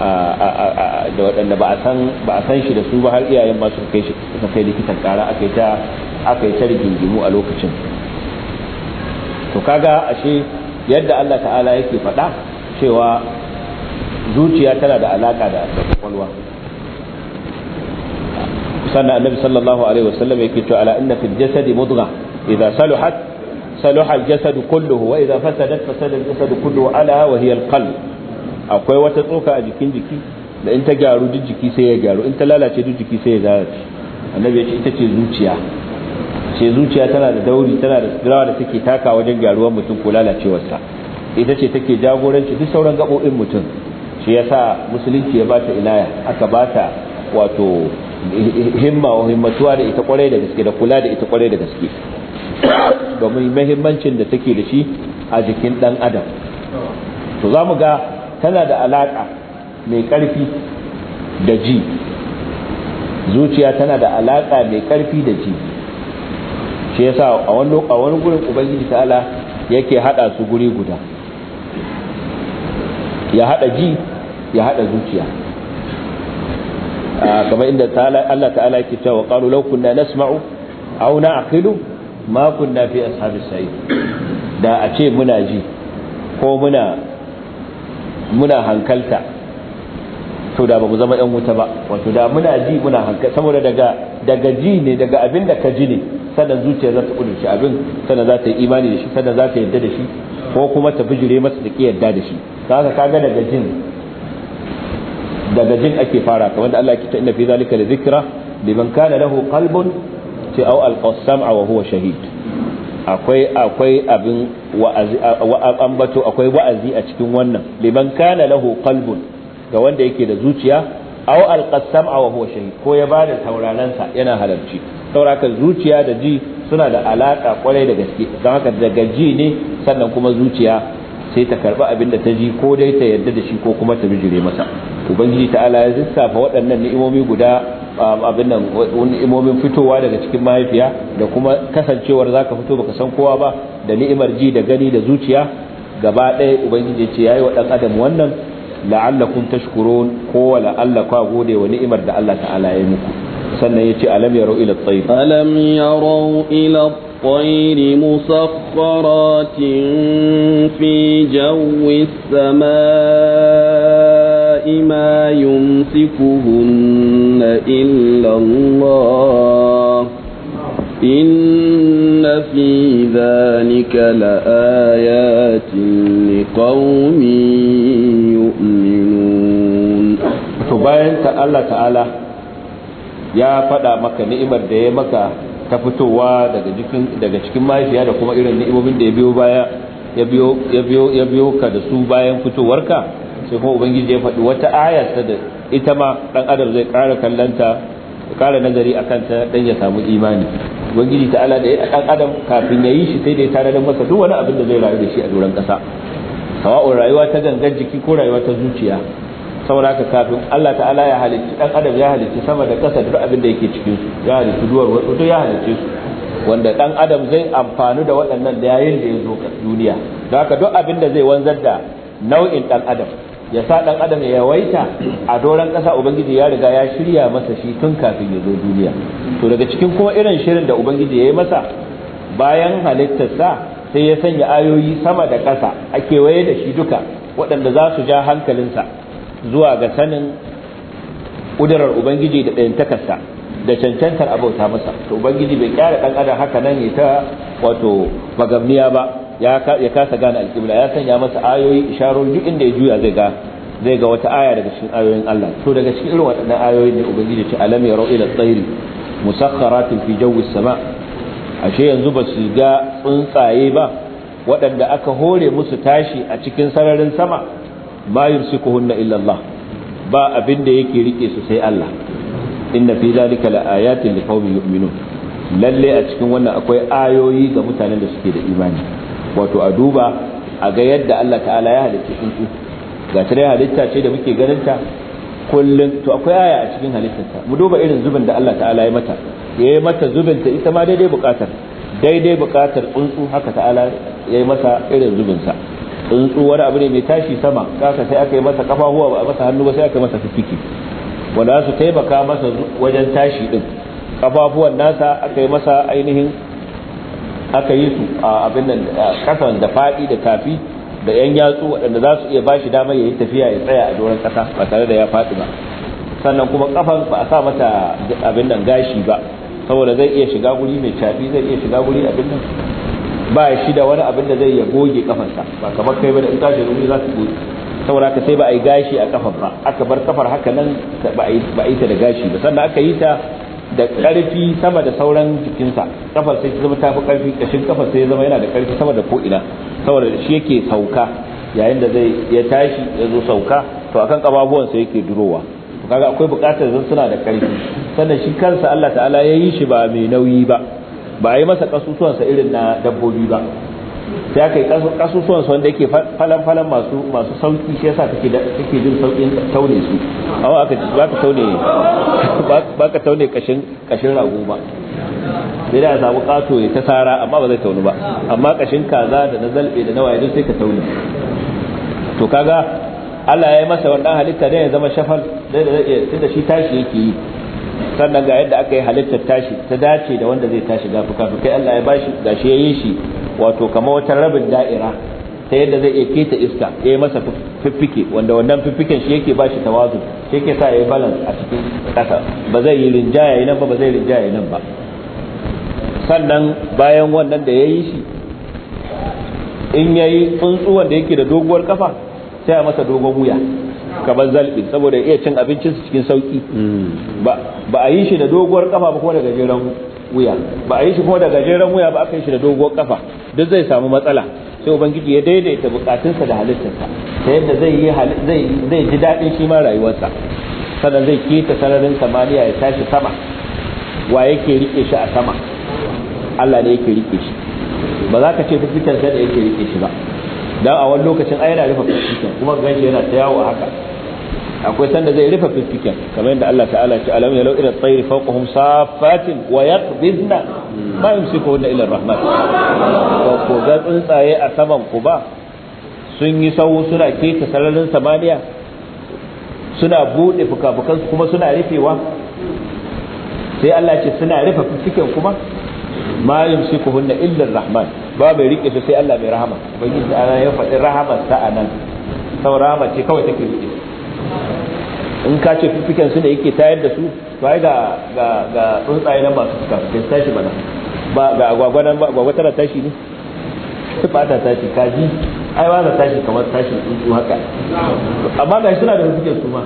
da waɗanda ba a san shi da su ba har iyayen ba suka kai likitan ƙara aka yi ta rigingimu a lokacin to kaga ashe yadda Allah ta'ala yake faɗa cewa zuciya tana da alaƙa da kwakwalwa sannan annabi sallallahu alaihi wasallam yake cewa ala inna fil jasadi mudgha idza saluhat saluha al jasadu kulluhu wa idza fasadat fasada al jasadu kulluhu ala wa hiya al qalb akwai wata tsoka a jikin jiki da in ta gyaru duk jiki sai ya gyaru in ta lalace duk jiki sai ya lalace annabi ya ce ita ce zuciya ce zuciya tana da dauri tana da rawa da take taka wajen gyaruwar mutum ko lalacewarsa ita ce take jagoranci duk sauran gaɓoɓin mutum shi yasa musulunci ya bata ilaya aka bata wato himma wa himmatuwa da ita kwarai da gaske da kula da ita kwarai da gaske domin muhimmancin da take da shi a jikin dan adam to za mu ga tana da alaƙa mai ƙarfi da ji zuciya tana da alaƙa mai ƙarfi da ji shi yasa a wani a wani gurin ubangiji ta'ala yake hada su guri guda ya hada ji ya hada zuciya ah, kamar inda Allah ta'ala yake cewa qalu law kunna nasma'u aw na'qilu ma kunna fi ashabis sa'id da a ce muna ji ko muna muna hankalta to da ba mu zama yan wuta ba wato da muna ji muna hankal saboda daga daga ji ne daga abin da ka ji ne sannan zuciya za ta kudurci abin sannan za ta yi imani da shi sannan za ta yarda da shi ko kuma ta bijire masa da kiyarda da shi ka kaga daga jin daga jin ake fara kamar da Allah ya ta inna fi zalika la zikra liman kana lahu qalbun ce au qasam wa huwa shahid akwai akwai abin ambato akwai wa'azi a cikin wannan liman kana lahu qalbun ga wanda yake da zuciya aw alqasam aw huwa shahid ko ya bada tauraransa yana halarci sauraka zuciya da ji suna da alaka kwarai da gaske don haka daga ji ne sannan kuma zuciya sai ta karba abin da ta ji ko dai ta yarda da shi ko kuma ta bijire masa ubangiji ta'ala ya fa waɗannan ni'imomi guda abin nan imomin fitowa daga cikin mahaifiya da kuma kasancewar za ka fito baka san kowa ba da ni'imar ji da gani da zuciya gaba ɗaya ubangiji ya yi yayi wa ɗan adam wannan la'allakum tashkurun ko la'allaka gode wa ni'imar da Allah ta'ala ya muku sannan yace alam yarau ila at alam yarau ila والطير مسخرات في جو السماء ما يمسكهن إلا الله إن في ذلك لآيات لقوم يؤمنون فبين الله تعالى يا فدا مكة نعمة دي مكة ta fitowa daga jikin daga cikin mahaifiya da kuma irin ni'imomin da ya biyo baya ya biyo ya biyo ya biyo ka da su bayan fitowarka sai kuma ubangiji ya faɗi wata aya ta da ita ma dan adam zai ƙara kallanta ƙara nazari akan ta dan ya samu imani ubangiji ta'ala da ya dan adam kafin ya yi shi sai da tare da masa duk wani abin da zai rayu da shi a doron ƙasa sawa'un rayuwa ta gangan jiki ko rayuwa ta zuciya saboda haka kafin Allah ta'ala ya halicci dan adam ya halicci sama da ƙasa duk abin da yake cikin su ya halicci duwar wato duk ya halicci su wanda dan adam zai amfani da waɗannan da yayin da ya zo duniya don haka duk abin da zai wanzar da nau'in dan adam ya sa dan adam ya yawaita a doron kasa ubangiji ya riga ya shirya masa shi tun kafin ya zo duniya to daga cikin kuma irin shirin da ubangiji ya yi masa bayan halittarsa sai ya sanya ayoyi sama da ƙasa a kewaye da shi duka waɗanda za su ja hankalinsa zuwa ga sanin kudurar ubangiji da ɗayantakarsa da cancantar abauta masa to ubangiji bai kyara dan adam haka nan ne ta wato magamniya ba ya kasa gane alƙibla ya sanya masa ayoyi isharon duk inda ya juya zai ga zai ga wata aya daga cikin ayoyin Allah to daga cikin irin waɗannan ayoyin ne ubangiji ce alam yarau ila tsairi musakharatin fi jawi sama ashe yanzu ba su ga tsuntsaye ba waɗanda aka hore musu tashi a cikin sararin sama ma yumsikuhunna illa Allah ba abin da yake rike su sai Allah inna fi zalika laayatin liqaumin yu'minun lalle a cikin wannan akwai ayoyi ga mutanen da suke da imani wato a duba a ga yadda Allah ta'ala ya halitta tsuntsu ga tare halitta ce da muke ganin ta kullum to akwai aya a cikin halittarta mu duba irin zubin da Allah ta'ala ya mata ya yi mata zubin ta ita ma daidai bukatar daidai bukatar tsuntsu haka ta'ala ya yi masa irin zubin sa tsuntsu wani abu ne mai tashi sama kaka sai aka yi masa kafa huwa ba a masa hannu ba sai aka masa fiki wanda za su taimaka masa wajen tashi din kafafuwan nasa aka yi masa ainihin aka yi su a abin nan kasan da fadi da tafi da yan yatsu waɗanda za su iya ba shi damar ya yi tafiya ya tsaya a doron kasa ba tare da ya faɗi ba sannan kuma kafan ba a sa mata abin nan gashi ba saboda zai iya shiga guri mai tafi zai iya shiga guri abin nan ba shi da wani abin da zai ya goge kafarsa ba kamar kai ba da in tashi rumi za ta goge saboda haka sai ba a yi gashi a kafar ba aka bar kafar haka nan ba a yi ta da gashi ba sannan aka yi ta da ƙarfi sama da sauran jikinsa kafar sai ta zama ta fi ƙarfi kashin kafar sai ya zama yana da ƙarfi sama da ko ina saboda shi yake sauka yayin da zai ya tashi ya zo sauka to akan ƙababuwansa yake durowa kaga akwai bukatar zan suna da karfi sannan shi kansa Allah ta'ala ya yi shi ba mai nauyi ba ba a yi masa kasusuwansa irin na dabbobi ba sai aka yi kasusuwansa wanda yake falan-falan masu masu sauki shi yasa take jin saukin taune su amma aka ci ba ka taune ba ka taune kashin kashin rago ba sai da samu kato ya ta sara amma ba zai taunu ba amma kashin kaza da na zalbe da na waye sai ka taune to kaga Allah ya yi masa wannan halitta da ya zama shafal da shi tashi yake yi sannan ga yadda aka yi halittar tashi ta dace da wanda zai tashi ga fuka-fukai Allah ya bashi gashi ya yi shi wato kamar wata rabin da'ira ta yadda zai iya keta iska ya yi masa fiffike wanda wannan fiffiken shi yake bashi tawazu shi yake sa ya yi balance a cikin ƙasa ba zai yi rinjaya nan ba ba zai rinjaya nan ba sannan bayan wannan da ya yi shi in ya yi da wanda yake da doguwar kafa sai a masa dogon wuya kamar zalbi saboda iya cin abincin abincinsu cikin sauki mm. ba a yi shi da doguwar kafa ba kuma da gajeren wuya ba a yi shi kuma da gajeren wuya ba aka yi shi da doguwar kafa duk zai samu matsala sai ubangiji ya daidaita bukatunsa da halittarsa ta yadda zai yi zai ji daɗin shi ma rayuwarsa sannan zai keta sararin samaniya ya tashi sama wa yake rike shi a sama Allah ne yake rike shi ba za ka ce fifitarsa da yake rike shi ba dan a wani lokacin ai yana rufe fiffiken kuma ganshi yana ta yawo a haka akwai sanda zai rufe fiffiken kamar yadda Allah ta'ala ce alam yalau ila tsairi fawqahum safatin wa yaqbizna ma yumsikuhunna illa ar-rahman ko ko ga tsuntsaye a saman ku ba sun yi sawu suna keta sararin samaniya suna bude fukafukan kuma suna rufewa sai Allah ce suna rufe fiffiken kuma ma yumsikuhunna illa ar-rahman ba bai rike su sai Allah mai rahama ubangiji ta'ala ya faɗi rahamar sa anan saurama ce kawai take rike in ka ce fifikan su da yake tayar da su to ai ga ga ga tsuntsaye nan masu fuka su tashi bana ba ga agwagwa ba agwagwa tana tashi ne ba ta tashi kaji ai ba ta tashi kamar tashi tsuntsu haka amma ga suna da fifikan su ma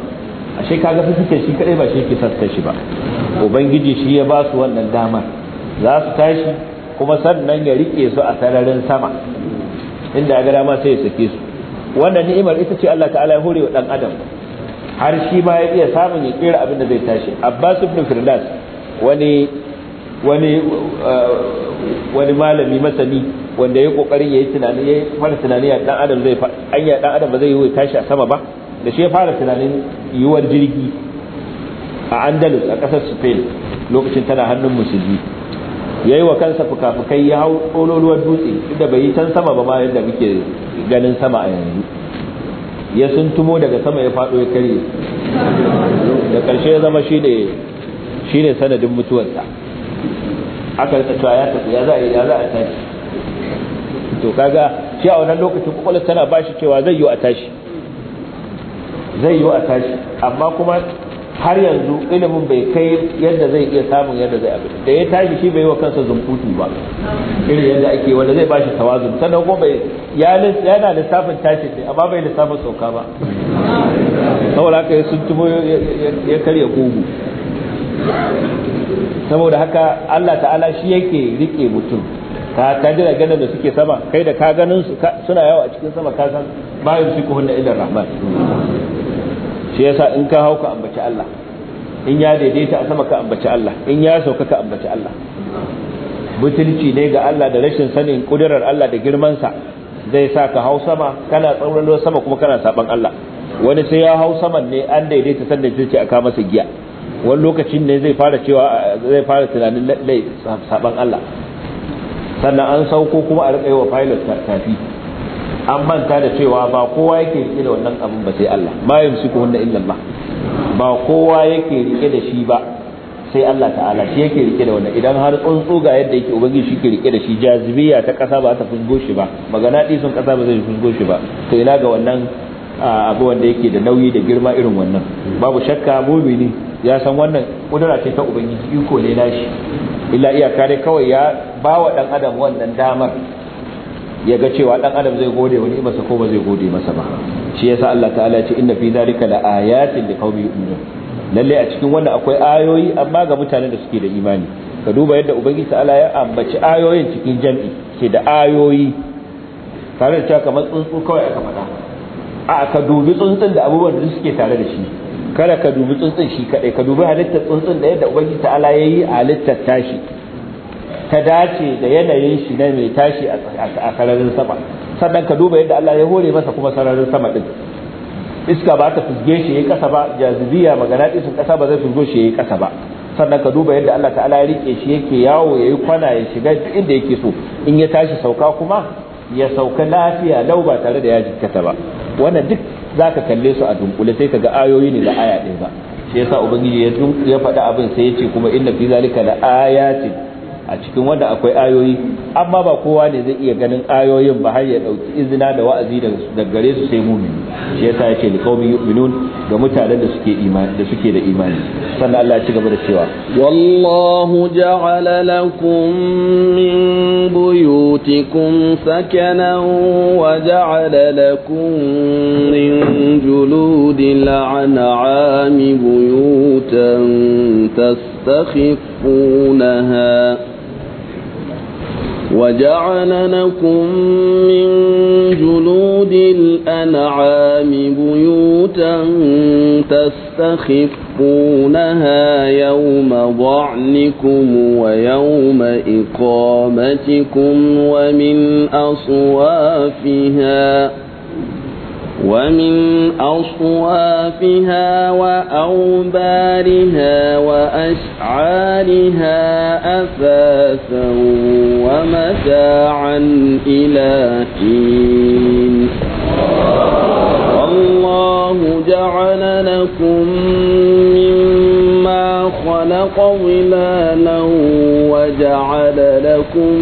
ashe kaga fifikan shi kadai ba shi yake sa tashi ba ubangiji shi ya ba su wannan damar za su tashi kuma sannan ya rike su a sararin sama inda ya ga ma sai ya sake su wannan ni'imar ita ce Allah ta'ala ya hore wa dan adam har shi ma ya iya samun ya ƙera abin da zai tashi Abbas ibn Firdas uh, wani malami masani wanda ya kokarin yayi tunani ya fara tunani dan adam zai anya dan adam ba zai yi tashi a sama ba da shi ya fara tunanin yiwuwar jirgi a Andalus a kasar Spain lokacin tana hannun musulmi ya yi wa kansa fukafukai ya hau ƙololuwar dutse inda bai yi can sama ba ma yadda muke ganin sama a yanzu ya sun tumo daga sama ya faɗo ya karye da ƙarshe ya zama shi ne sanadin mutuwarsa aka rika cewa ya tafi ya za a yi ya za a tashi to kaga shi a wannan lokacin kwakwalwar tana bashi cewa zai yi a tashi zai yi a tashi amma kuma har yanzu ilimin bai kai yadda zai iya samun yadda zai abin da ya tashi shi bai wa kansa zumfutu ba irin yadda ake wanda zai bashi tawazun sannan ko bai yana lissafin tashi ne amma bai lissafin sauka ba saboda haka ya sun tumo ya karya kogo saboda haka Allah ta'ala shi yake rike mutum ka ka jira ganin da suke sama kai da ka ganin su suna yawa a cikin sama ka san bayan su kuhunna ilar rahman shi yasa in ka hau ambaci Allah in ya daidaita a sama ka ambaci Allah in ya sauka ka ambaci Allah butulci ne ga Allah da rashin sanin kudirar Allah da girman sa zai sa ka hau sama kana tsauraro sama kuma kana saban Allah wani sai ya hau saman ne an daidaita sannan sai a aka masa giya wani lokacin ne zai fara cewa zai fara tunanin lai saban Allah sannan an sauko kuma a riƙa yi wa pilot tafi an manta da cewa ba kowa yake rike da wannan abin ba sai Allah illa ba kowa yake rike da shi ba sai Allah ta'ala shi yake rike da wannan idan har tsuntsu ga yadda yake ubangiji shi ke rike da shi jazibiya ta kasa ba ta fusgo shi ba magana sun kasa ba zai fusgo shi ba to ina ga wannan abu wanda yake da nauyi da girma irin wannan babu shakka mumini ya san wannan kudura ce ta ubangiji iko ne nashi illa iyaka dai kawai ya ba wa dan adam wannan damar ya ga cewa dan adam zai gode wani masa ko ba zai gode masa ba shi yasa Allah ta'ala ya ce inna fi zalika la ayatin liqaumin yu'minun lalle a cikin wannan akwai ayoyi amma ga mutanen da suke da imani ka duba yadda ubangiji ta'ala ya ambaci ayoyin cikin jami'i ke da ayoyi tare da cewa kamar tsuntsu kawai aka faɗa a ka dubi tsuntsun da abubuwan da suke tare da shi kada ka dubi tsuntsun shi kadai ka dubi halittar tsuntsun da yadda ubangiji ta'ala ya yi halittar tashi ta dace da yanayin shi na mai tashi a sararin sama sannan ka duba yadda Allah ya hore masa kuma sararin sama din iska ba ta fusge shi yayi kasa ba jazibiya magana isin kasa ba zai fusgo shi yayi kasa ba sannan ka duba yadda Allah ta'ala ya rike shi yake yawo yayi kwana ya shiga inda yake so in ya tashi sauka kuma ya sauka lafiya lau ba tare da ya jikkata ba wannan duk zaka kalle su a dunkule sai ka ga ayoyi ne da aya ɗaya ba shi yasa ubangiji ya faɗi abin sai ya ce kuma inna fi zalika la ayatin a cikin wanda akwai ayoyi amma ba kowa ne zai iya ganin ayoyin ba har ya dauki izina da wa'azi daga gare su sai mumini shi yasa yace li yu'minun ga mutanen da suke imani da suke da imani sannan Allah ya ci gaba da cewa wallahu ja'ala lakum min buyutikum sakanan wa ja'ala lakum min juludil an'ami buyutan tastakhifuna وجعل لكم من جلود الأنعام بيوتا تستخفونها يوم ضعنكم ويوم إقامتكم ومن أصوافها ومن أصوافها وأوبارها وأشعارها أثاثا ومتاعا إلى حين الله جعل لكم مما خلق ظلالا وجعل لكم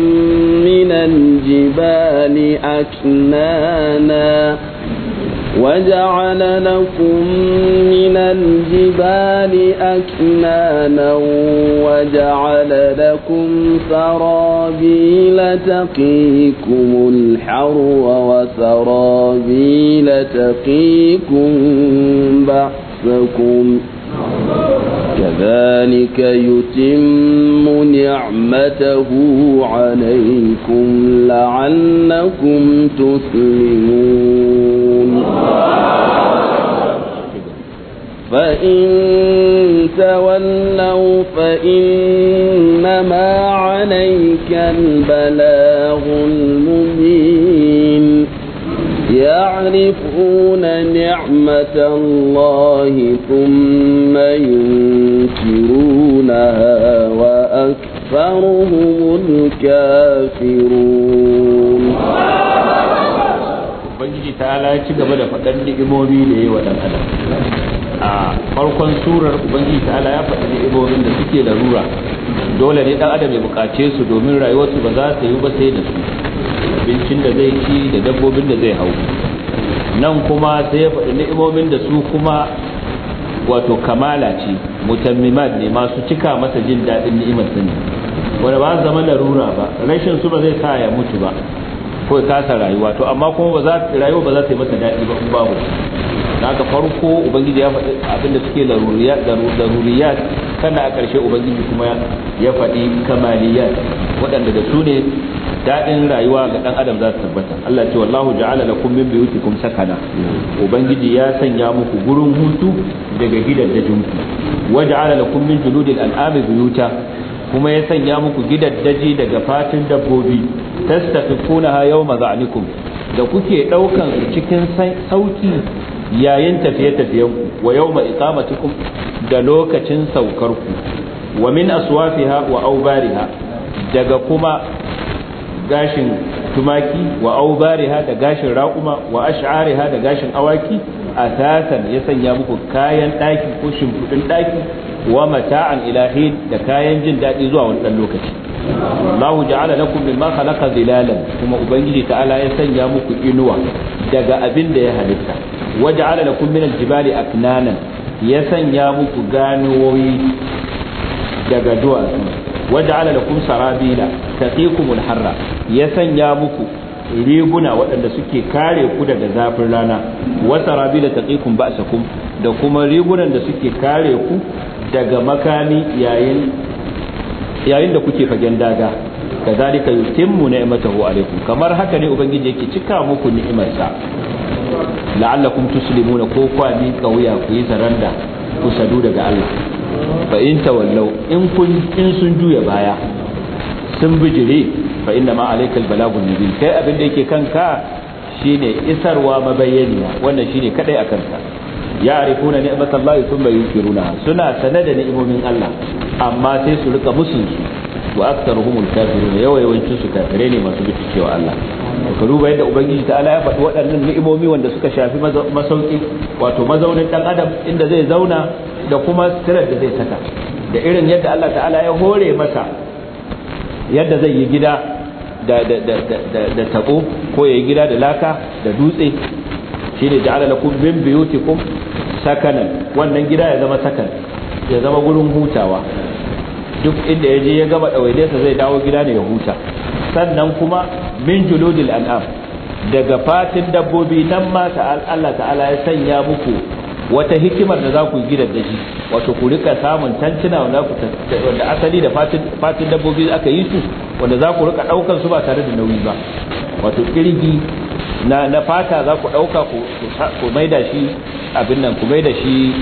من الجبال أكنانا وجعل لكم من الجبال أكنانا وجعل لكم سرابيل تقيكم الحر وسرابيل تقيكم بأسكم كذلك يتم نعمته عليكم لعلكم تسلمون فإن تولوا فإنما عليك البلاغ المبين يعرفون نعمة الله ثم ينكرونها وأكثرهم الكافرون Ubangiji ta ci gaba da faɗar ni'imomi da yi wa ɗan adam. a farkon surar ubangiji ala ya faɗi ibobin da suke da rura. dole ne dan adam ya buƙace su domin rayuwarsu ba za ta yi ba sai da su abincin da zai ci da dabbobin da zai hau nan kuma sai ya faɗi ni'imomin da su kuma wato kamala ce mutammimat ne masu cika masa jin daɗin ni'imar sani wanda ba zama da rura ba rashin su ba zai sa ya mutu ba ko ya kasa rayuwa to amma kuma ba za rayuwa ba za ta yi masa daɗi ba in babu haka farko ubangiji ya faɗi abin da suke laruriyat sannan a ƙarshe ubangiji kuma ya faɗi kamaliyat waɗanda da su ne daɗin rayuwa ga ɗan adam za su tabbata Allah ce wallahu ja'ala lakum min buyutikum sakana ubangiji ya sanya muku gurin hutu daga gidajen ku wa ja'ala lakum min juludil an'ami buyuta kuma ya sanya muku gidan daji daga fatin dabbobi tastafiqunaha yawma za'nikum da kuke ɗaukan cikin sauki yayin tafiye tafiye ku wa yawma iqamatikum da lokacin saukar ku wa min aswafiha wa aubariha daga kuma gashin tumaki wa aubariha da gashin raƙuma wa ash'ariha da gashin awaki a tasan ya sanya muku kayan ɗaki ko shimfiɗin ɗaki wa mata'an ilahi da kayan jin daɗi zuwa wani ɗan lokaci Allahu ja'ala lakum mimma khalaqa zilalan kuma ubangiji ta'ala ya sanya muku inuwa daga abin da ya halitta waje lakum min al-jibali aknanan ya sanya muku ganuwoyi daga duwatsu waje waja'ala lakum sarabila taqikumul harra ya sanya muku riguna waɗanda suke kare ku daga zafin rana wa sarabila taqikum ba'sakum da kuma rigunan da suke kare ku daga makami yayin yayin da kuke fagen daga kazalika yutimmu ni'matahu alaikum kamar haka ne ubangiji yake cika muku ni'imarsa la'allakum tuslimuna ko kwa mi kauya ku yi saranda ku sadu daga Allah fa in tawallau in kun in sun juya baya sun bijire fa inna ma alaikal balagul nabi kai abin da yake kanka shine isarwa mabayyaniya wannan shine kadai akan ka ya'rifuna ni'matallahi thumma yunkiruna suna sanada ni'imomin Allah amma sai su rika musun su wa aktsaruhumul kafirun yawa yawancin su kafirai ne masu bincikewa Allah ka duba yadda ubangiji ala ya faɗi waɗannan ni'imomi wanda suka shafi masauki wato mazaunin ɗan adam inda zai zauna da kuma sitirar da zai saka da irin yadda Allah ta'ala ya hore masa yadda zai yi gida da taɓo ko ya yi gida da laka da dutse shine ja'ala lakum min biyutikum sakanan wannan gida ya zama sakan ya zama gurin hutawa duk inda ya je ya gama ɗawainiyarsa zai dawo gida ne ya huta sannan kuma min juludil an'am daga fatin dabbobi nan ma Allah ta'ala ya sanya muku wata hikimar da za ku gidan da shi wato ku rika samun tantuna wanda ku wanda asali da fatin fatin dabbobi aka yi su wanda za ku rika daukar su ba tare da nauyi ba wato kirgi na na fata za ku dauka ku ku maida shi abin nan ku maida shi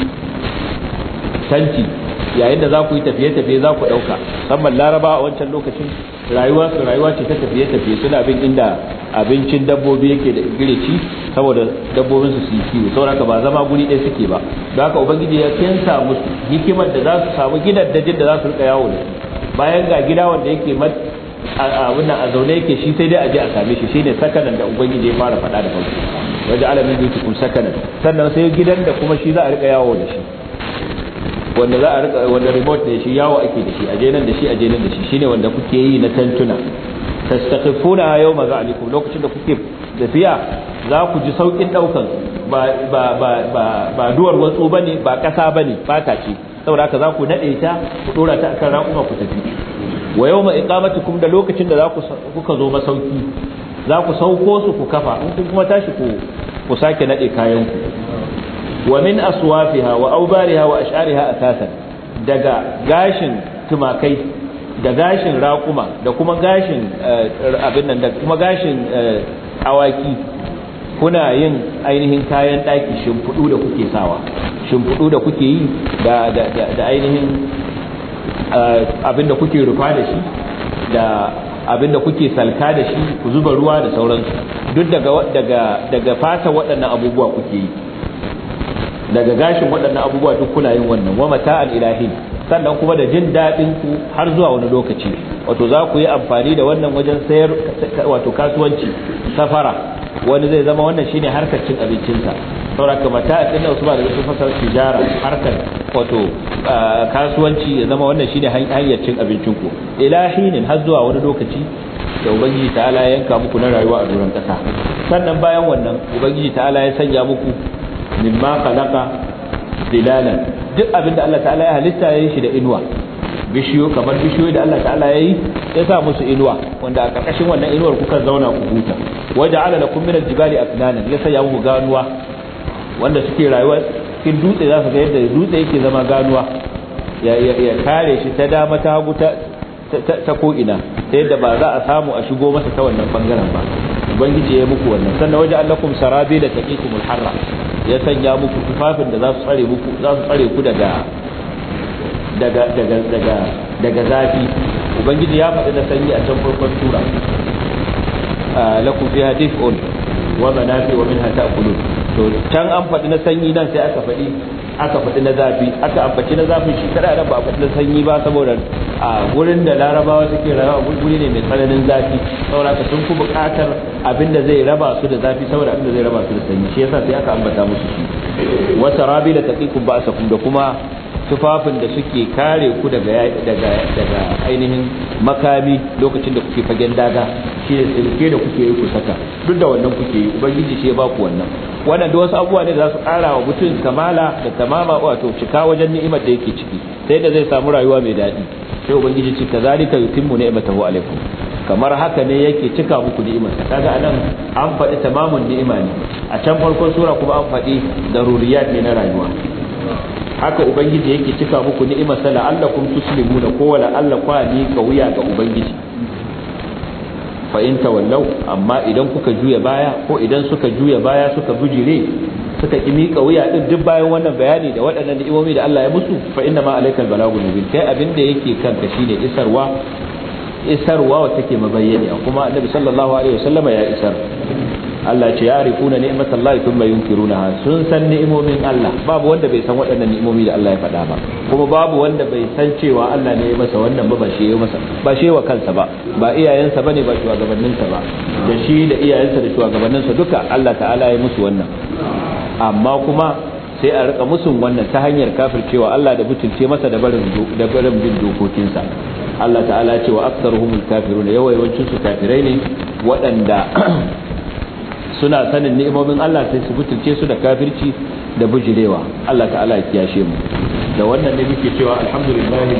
tanti yayin da za ku yi tafiye-tafiye za ku ɗauka musamman laraba a wancan lokacin rayuwa su rayuwa ce ta tafiye-tafiye suna bin inda abincin dabbobi yake da ingilici saboda dabbobin su su yi kiwo sauraka ba zama guri ɗaya suke ba da haka ubangiji ya kensa musu hikimar da za su samu gidan dajin da za su rika yawo da bayan ga gida wanda yake abin a zaune yake shi sai dai a je a same shi shine sakanan da ubangiji ya fara faɗa da farko wajen alamin kun sakanan sannan sai gidan da kuma shi za a rika yawo da shi wanda za a rika wanda remote ne shi yawo ake da shi aje nan da shi aje nan da shi shine wanda kuke yi na tantuna tastaqifuna yawma za'alikum lokacin da kuke tafiya za ku ji saukin daukan ba ba ba ba ba duwar watsu bane ba kasa bane fata ce saboda haka za ku nade ta ku dora ta akan raƙuma ku tafi wa yawma iqamatikum da lokacin da za ku kuka zo masauki za ku sauko su ku kafa in kuma tashi ku ku sake nade kayan ku wa min aswafiha wa aubariha wa ash'ariha asasan daga gashin tumakai da gashin raƙuma da kuma gashin eh, abin nan da kuma gashin eh, awaki kuna yin ainihin kayan ɗaki shimfiɗu da kuke sawa shimfiɗu da kuke yi da ainihin eh, abin da kuke rufa da shi da abin da kuke salka da shi ku zuba ruwa da sauransu duk daga fata waɗannan abubuwa kuke yi daga gashin waɗannan abubuwa duk kuna yin wannan wa mata'an ilahi sannan kuma da jin daɗin ku har zuwa wani lokaci wato za ku yi amfani da wannan wajen sayar wato kasuwanci safara wani zai zama wannan shine harkar cin abincinsa mata a din wasu ba da su fasar tijara harkar wato kasuwanci ya zama wannan shine hanyar cin abincin ku ilahinin har zuwa wani lokaci da ubangiji ta'ala ya yanka muku na rayuwa a doron ƙasa sannan bayan wannan ubangiji ta'ala ya sanya muku mimma khalaqa zilalan duk abinda Allah ta'ala ya halitta yayin shi da inuwa bishiyo kamar bishiyoyi da Allah ta'ala yayi ya sa musu inuwa wanda a karkashin wannan inuwar kuka zauna ku huta waja'ala lakum min al-jibali ya saya muku ganuwa wanda suke rayuwa cikin dutse za su ga yadda dutse yake zama ganuwa ya kare shi ta dama ta hagu ta ko'ina ta yadda ba za a samu a shigo masa ta wannan bangaren ba ubangiji ya yi muku wannan sannan waje allakum sarabi da taqikumul harra ya sanya muku tufafin da za su tsare muku za su tsare ku daga daga daga daga daga zafi ubangiji ya faɗi na sanyi a can farkon tura lakum fiha dif'un wa manafi wa minha ta'kulun to can an faɗi na sanyi nan sai aka faɗi aka faɗi na zafi aka ambaci na zafi shi kada ba a faɗi na sanyi ba saboda a gurin da larabawa suke rayuwa guri ne mai tsananin zafi saboda haka sun fi buƙatar abin da zai raba su da zafi saboda abin da zai raba su da sanyi shi yasa sai aka ambata musu shi wata rabi da ba su da kuma tufafin da suke kare ku daga ainihin makami lokacin da kuke fagen daga shi ne suke da kuke yi ku saka duk da wannan kuke yi ubangiji shi ya baku wannan wannan da wasu abubuwa ne za su ƙara wa mutum kamala da tamama wato cika wajen ni'imar da yake ciki sai da zai samu rayuwa mai daɗi sai ubangiji ce kazalika yutimmu ni'matahu alaikum kamar haka ne yake cika muku ni'imar kaga anan an faɗi tamamun ni'ima ne a can farkon sura kuma an faɗi daruriyat ne na rayuwa haka ubangiji yake cika muku ni'imar sa la'allakum da ko wa kwa ni ka wuya ga ubangiji fa in amma idan kuka juya baya ko idan suka juya baya suka bujire suka ki mika wuya din duk bayan wannan bayani da waɗannan ni'imomi da Allah ya musu fa inna ma alaikal balagu mubin kai abin da yake kanka shine isarwa isarwa wacce take mabayyani kuma annabi sallallahu alaihi wasallama ya isar Allah ce ya rifuna ni'mat mai thumma yunkirunaha sun san ni'imomin Allah babu wanda bai san waɗannan ni'imomi da Allah ya faɗa ba kuma babu wanda bai san cewa Allah ne ya masa wannan ba ba shi ya masa ba shi wa kansa ba ba iyayensa bane ba shugabanninsa ba da shi da iyayensa da shugabanninsa duka Allah ta'ala ya musu wannan amma kuma sai a rika musu wannan ta hanyar cewa Allah da mutunce masa da barin da barin bin dokokinsa Allah ta'ala ce wa aktsaruhumul kafirun yawancin su kafirai ne waɗanda suna sanin ni'imomin Allah sai su butulce su da kafirci da bujirewa Allah ta'ala ya kiyashe mu da wannan ne muke cewa alhamdulillahi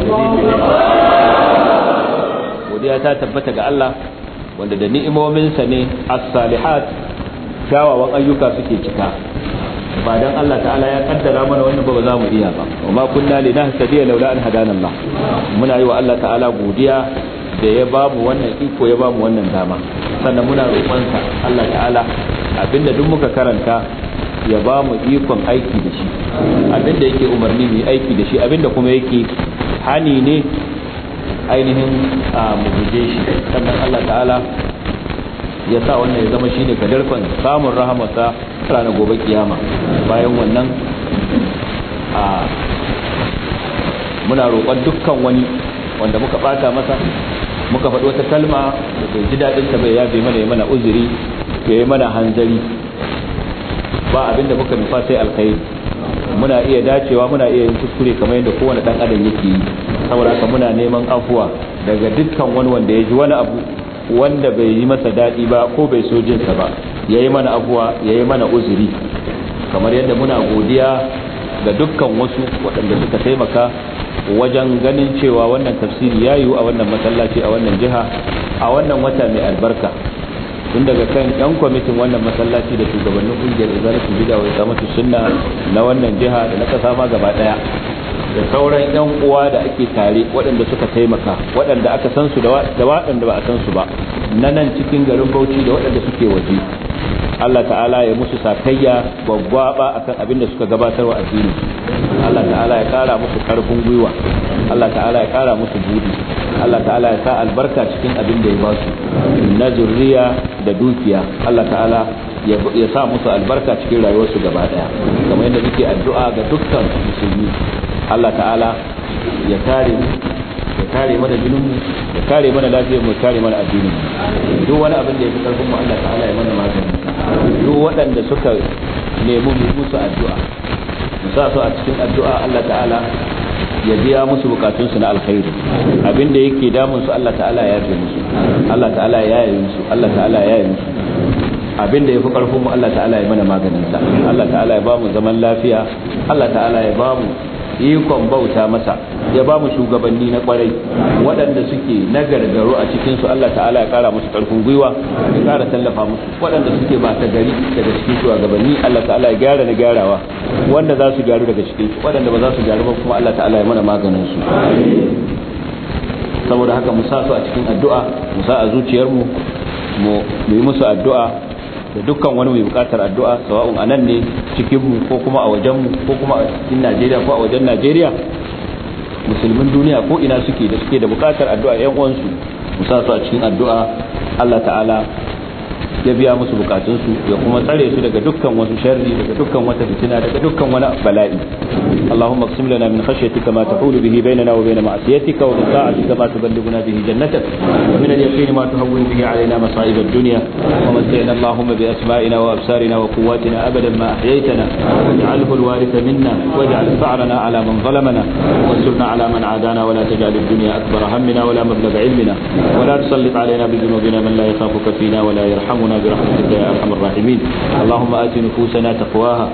godiya ta tabbata ga Allah wanda da ni'imominsa ne as-salihat kyawawan ayyuka suke cika ba dan Allah ta'ala ya kaddara mana wannan ba ba za mu iya ba wa ma kunna linahtadiya laula an hadana Allah muna yi wa Allah ta'ala godiya da ya bamu wannan iko ya bamu wannan dama sannan muna roƙonsa Allah ta'ala abinda duk muka karanta ya bamu ikon aiki da shi abinda yake umarni mu aiki da shi abinda kuma yake hani ne ainihin a guje shi sannan Allah ta'ala ya sa wannan ya zama shine kadarkon samun rahamarsa ranar gobe kiyama bayan wannan muna roƙon dukkan wani wanda muka bata masa muka faɗi wata kalma da bai ji daɗin ta bai ya bai mana ya mana uzuri ya yi mana hanzari ba abin da muka nufa sai alkhairi muna iya dacewa muna iya yin kuskure kamar yadda kowane ɗan adam yake yi saboda haka muna neman afuwa daga dukkan wani wanda ya ji wani abu wanda bai yi masa daɗi ba ko bai so jinsa ba ya yi mana afuwa ya yi mana uzuri kamar yadda muna godiya ga dukkan wasu waɗanda suka taimaka wajen ganin cewa wannan tafsiri ya yiwu a wannan masallaci a wannan jiha a wannan wata mai albarka tun daga kan yan kwamitin wannan masallaci da shugabannin kungiyar izalatu bida wa isamatu sunna na wannan jiha da na kasa ma gaba daya da sauran yan uwa da ake tare waɗanda suka taimaka waɗanda aka san su da waɗanda ba a san su ba na nan cikin garin Bauchi da waɗanda suke waje Allah ta'ala ya musu sakayya gwaggwaba akan abin da suka gabatar wa addini Allah ta'ala ya kara musu karfin gwiwa Allah ta'ala ya kara musu budi Allah ta'ala ya sa albarka cikin abin da ya ba su na zurriya da dukiya Allah ta'ala ya sa musu albarka cikin rayuwarsu gaba daya kamar yadda muke addu'a ga dukkan musulmi Allah ta'ala ya kare kare mana jinin mu kare mana lafiyar mu kare mana addini duk wani abin da ya fi karfin mu Allah ta'ala ya mana magani duk waɗanda suka nemi mu musu addu'a mu sa su a cikin addu'a Allah ta'ala ya biya musu bukatunsu na alkhairi da yake damun su Allah ta'ala ya yafe musu Allah ta'ala ya yi musu Allah ta'ala ya yi musu abin abinda yafi karfin mu Allah ta'ala ya mana maganin sa Allah ta'ala ya ba mu zaman lafiya Allah ta'ala ya ba mu ikon bauta masa ya ba mu shugabanni na kwarai waɗanda suke na gargaro a cikinsu Allah ta'ala ya kara musu ƙarfin gwiwa ya kara tallafa musu waɗanda suke ba ta gari daga cikin shugabanni Allah ta'ala ya gyara na gyarawa wanda za su gyaru daga cikin su waɗanda ba za su gyaru ba kuma Allah ta'ala ya mana maganin su saboda haka mu sa su a cikin addu'a mu sa a zuciyarmu mu yi musu addu'a da dukkan wani mai bukatar addu'a sawa'un anan ne cikinmu ko kuma a wajenmu ko kuma a cikin Najeriya ko a wajen Najeriya musulmin duniya ko ina suke da suke da bukatar addu'a yan uwansu musa su cikin addu'a Allah ta'ala ya biya musu bukatunsu ya kuma tsare su daga dukkan wasu sharri daga dukkan wata fitina daga dukkan wani bala'i Allahumma qsim lana min khashyatika ma tahulu bihi bainana wa bain ma'siyatika wa min ta'atika ma tuballighuna bihi jannatak wa min al-yaqini ma tuhawwin bihi alayna masa'ib ad-dunya wa mat'ina Allahumma bi asma'ina wa absarina wa quwwatina abadan ma ahyaytana waj'alhu al-waritha minna waj'al fa'rana ala man zalamana wansurna ala man adana wa la taj'al ad-dunya akbar hammina wa la mablagha ilmina wa la tusallit alayna bi dhunubina man la yakhafuka fina wa la yarhamuna وارحمنا برحمتك يا أرحم الراحمين اللهم آت نفوسنا تقواها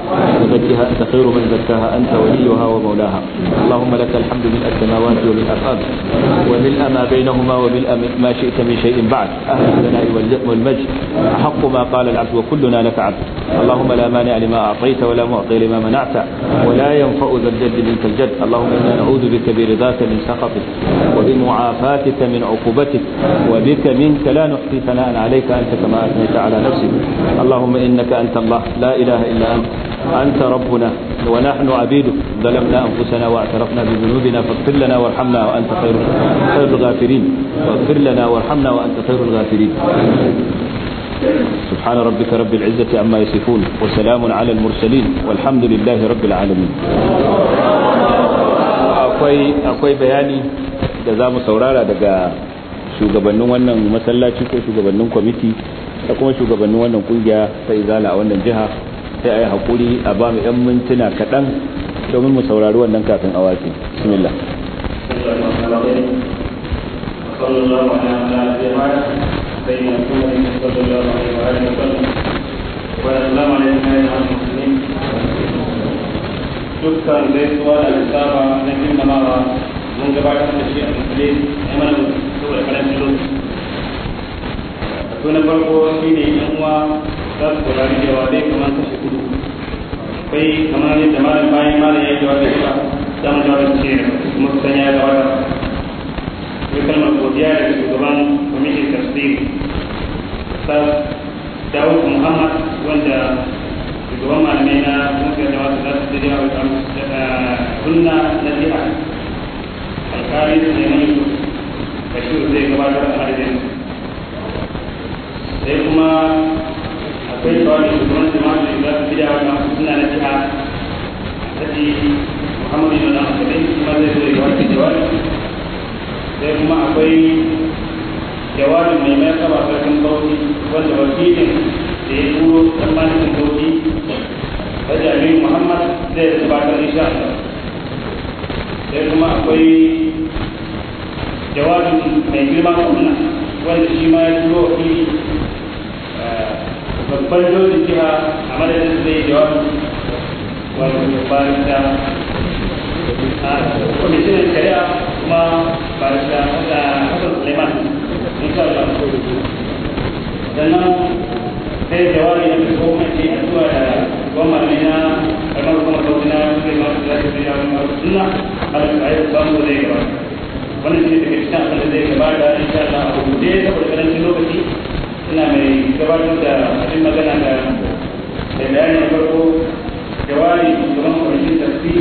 وزكها أنت خير من زكاها أنت وليها ومولاها اللهم لك الحمد من السماوات والأرض وملء ما بينهما وملء ما شئت من شيء بعد أهل الثناء والمجد أحق ما قال العبد وكلنا لك عبد اللهم لا مانع لما أعطيت ولا معطي لما منعت ولا ينفع ذا الجد منك الجد اللهم إنا نعوذ بك برضاك من سخطك وبمعافاتك من عقوبتك وبك منك لا نحصي ثناء عليك أنت كما أثنى أثنيت على نفسك اللهم إنك أنت الله لا إله إلا أنت أنت ربنا ونحن عبيدك ظلمنا أنفسنا واعترفنا بذنوبنا فاغفر لنا وارحمنا وأنت خير خير الغافرين فاغفر لنا وارحمنا وأنت خير الغافرين سبحان ربك رب العزة عما يصفون وسلام على المرسلين والحمد لله رب العالمين akwai bayani da za mu saurara daga shugabannin wannan masallaci ko shugabannin kwamiti da kuma shugabannin wannan kungiya ta izala a wannan jiha sai a yi haƙuri a ba mu 'yan mintuna kaɗan domin mu saurari wannan kafin a wace bismillah dukkan gaisuwa da lissafa na jin da mara mun gabatar da shi a musulmi ya mana musulmi da karamin So na farko shi ne yan uwa za su saurari jawa zai kamata shi kudu. Kai kamar yadda malam bayan malam ya jawa zai sa dan jawa zai ce kuma su sanya ya zawata. Zai kalmar godiya da Muhammad wanda shugaban malamai na kungiyar jawa su za su ta jawa da kunna na jiha. Alkalin da ya mai shi. Kashiru zai sai kuma akwai tsawon shugaban jama'ar da su da wa masu suna na jiha tafi muhammadu yana na asirai kuma zai zai wata jawabi sai kuma akwai jawabin mai mai kaba sarkin bauchi wanda fi da ya turo ɗan malikin bauchi ta jami'in muhammad zai gabatar insha Allah sai kuma akwai jawabin mai girma kuma wanda shi ma ya turo fili babban jojin jiha a madadin zai yi wato bayan ah, da a kwamishinan shari'a kuma bayan da wanda hasan suleiman insha Allah sannan sai jawabi yi fi goma ce a zuwa da goma ne na kamar kuma goma na zai ma su zai zai yawon masu suna a da kayi zai gaba cikin da zai gaba da a lokaci ina mai gabatar da cikin magana da da bayani na farko jawabi shugaban kwamishin tafi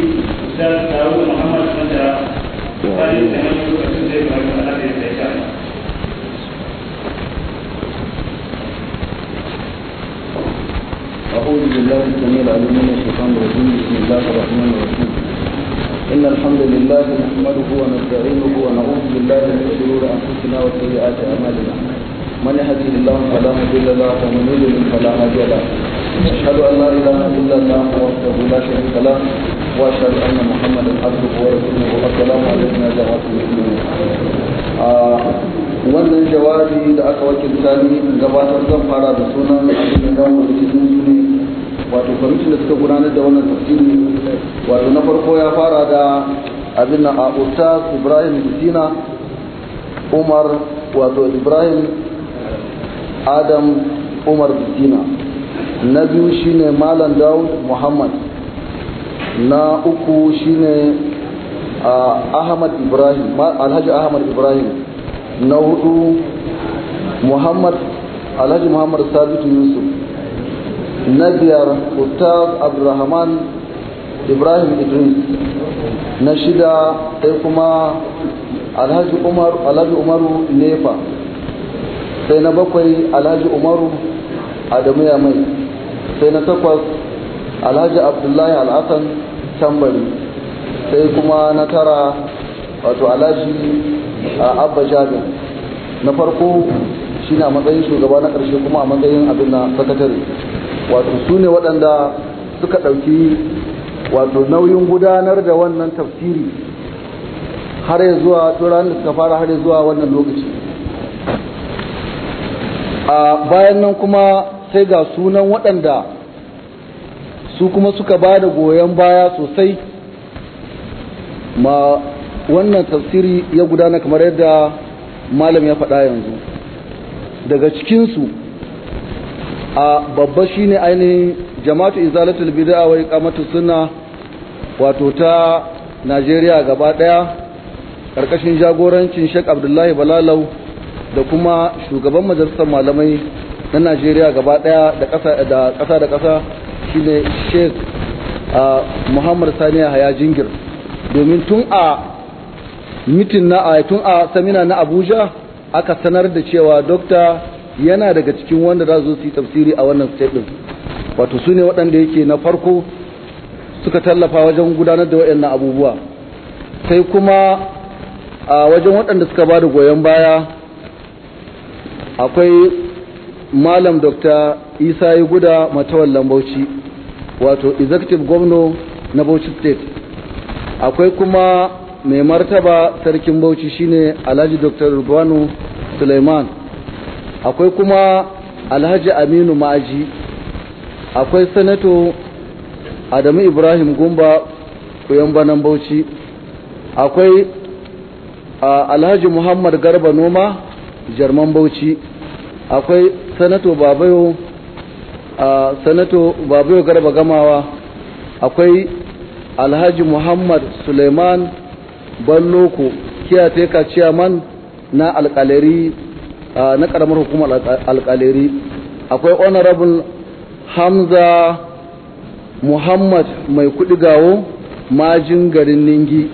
ustaz taru muhammad wanda tsarin da na lokacin zai faru a da ya sha أعوذ بالله السميع العليم من الشيطان الرجيم بسم الله الرحمن الرحيم إن الحمد لله نحمده ونستعينه ونعوذ بالله من شرور أنفسنا وسيئات أعمالنا من يهده الله فلا مضل له ومن يضلل فلا هادي له أشهد أن لا إله إلا الله وحده لا شريك له وأشهد أن محمدا عبده ورسوله السلام عليكم يا جماعة المسلمين wannan jawabi da aka wakilta ni gabatar zan fara da sunan abin da mu cikin su ne wato kwamitin da suka gudanar da wannan tafsiri wato na farko ya fara da abin na a ustaz ibrahim kristina umar wato ibrahim adam umar dina na biyu shine malam daud muhammad na uku shine ahmad ibrahim alhaji ahmad ibrahim na hudu muhammad alhaji muhammad sabitu yusuf na biyar ustaz abdulrahman ibrahim idris na shida sai kuma alhaji umar alhaji umaru nefa sai na bakwai alhaji umaru adamu ya mai sai na takwas alhaji abdullahi al'asan tambari sai kuma na tara wato alhaji abba Jami na farko shi ne matsayin shugaba na ƙarshe kuma a matsayin abin na sakatare wato su ne waɗanda suka ɗauki wato nauyin gudanar da wannan tafsiri har ya zuwa turan da suka fara har ya zuwa wannan lokaci A bayan nan kuma sai ga sunan waɗanda su kuma suka ba da goyon baya sosai ma wannan tafsiri ya gudana kamar yadda malam ya faɗa yanzu daga cikinsu a babba shine ainihin jama'atu izalatul bid'a wa iqamatu sunna wato ta Najeriya gaba ɗaya ƙarƙashin jagorancin Sheikh Abdullahi Balalau da kuma shugaban majalisar malamai na najeriya gaba daya da kasa da kasa shine Sheik muhammad saniya haya jingir domin tun a mitin na a tun a samina na abuja aka sanar da cewa dokta yana daga cikin wanda za su yi tafsiri a wannan state din wato su ne waɗanda yake na farko suka tallafa wajen gudanar da waɗannan abubuwa sai kuma a wajen waɗanda suka ba da goyon baya akwai malam dr isa yi guda matawallan bauchi wato executive governor na bauchi state akwai kuma mai martaba sarkin bauchi shine alhaji dr rubanu suleiman akwai kuma alhaji aminu ma'aji akwai sanato adamu ibrahim gumba kuyan banan bauchi akwai alhaji muhammad garba noma jarman bauchi akwai sanato babayo a sanato babayo garba gamawa akwai alhaji muhammad suleiman balloko kiyate kaciya man na alkaleri na karamar hukumar alkaleri akwai honorable hamza muhammad mai kudi gawo majin garin ningi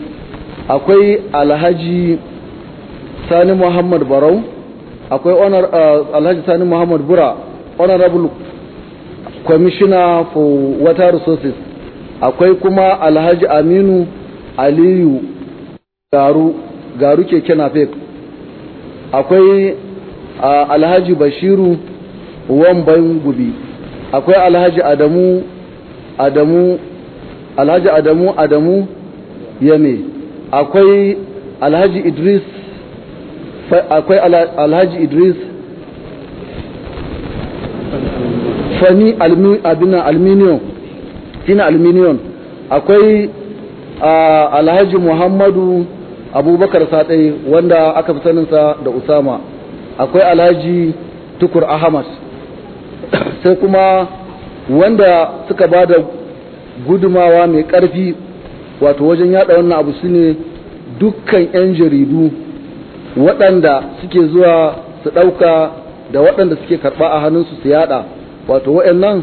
akwai alhaji sani muhammad barau akwai honor uh, alhaji sani muhammad bura honorable commissioner for water resources akwai kuma alhaji aminu aliyu garu garu keke napep akwai uh, alhaji bashiru wamban gubi akwai alhaji adamu adamu alhaji adamu adamu yame akwai alhaji idris akwai alhaji idris fani abinan alminiyon fina alminiyon akwai alhaji muhammadu abubakar sadai wanda aka fi saninsa da usama akwai alhaji tukur ahmad (coughs) sai kuma wanda suka ba da gudumawa mai karfi wato wajen yada wannan abu su ne dukkan 'yan jaridu waɗanda suke zuwa su ɗauka da waɗanda suke karɓa a hannunsu su yaɗa wato waɗannan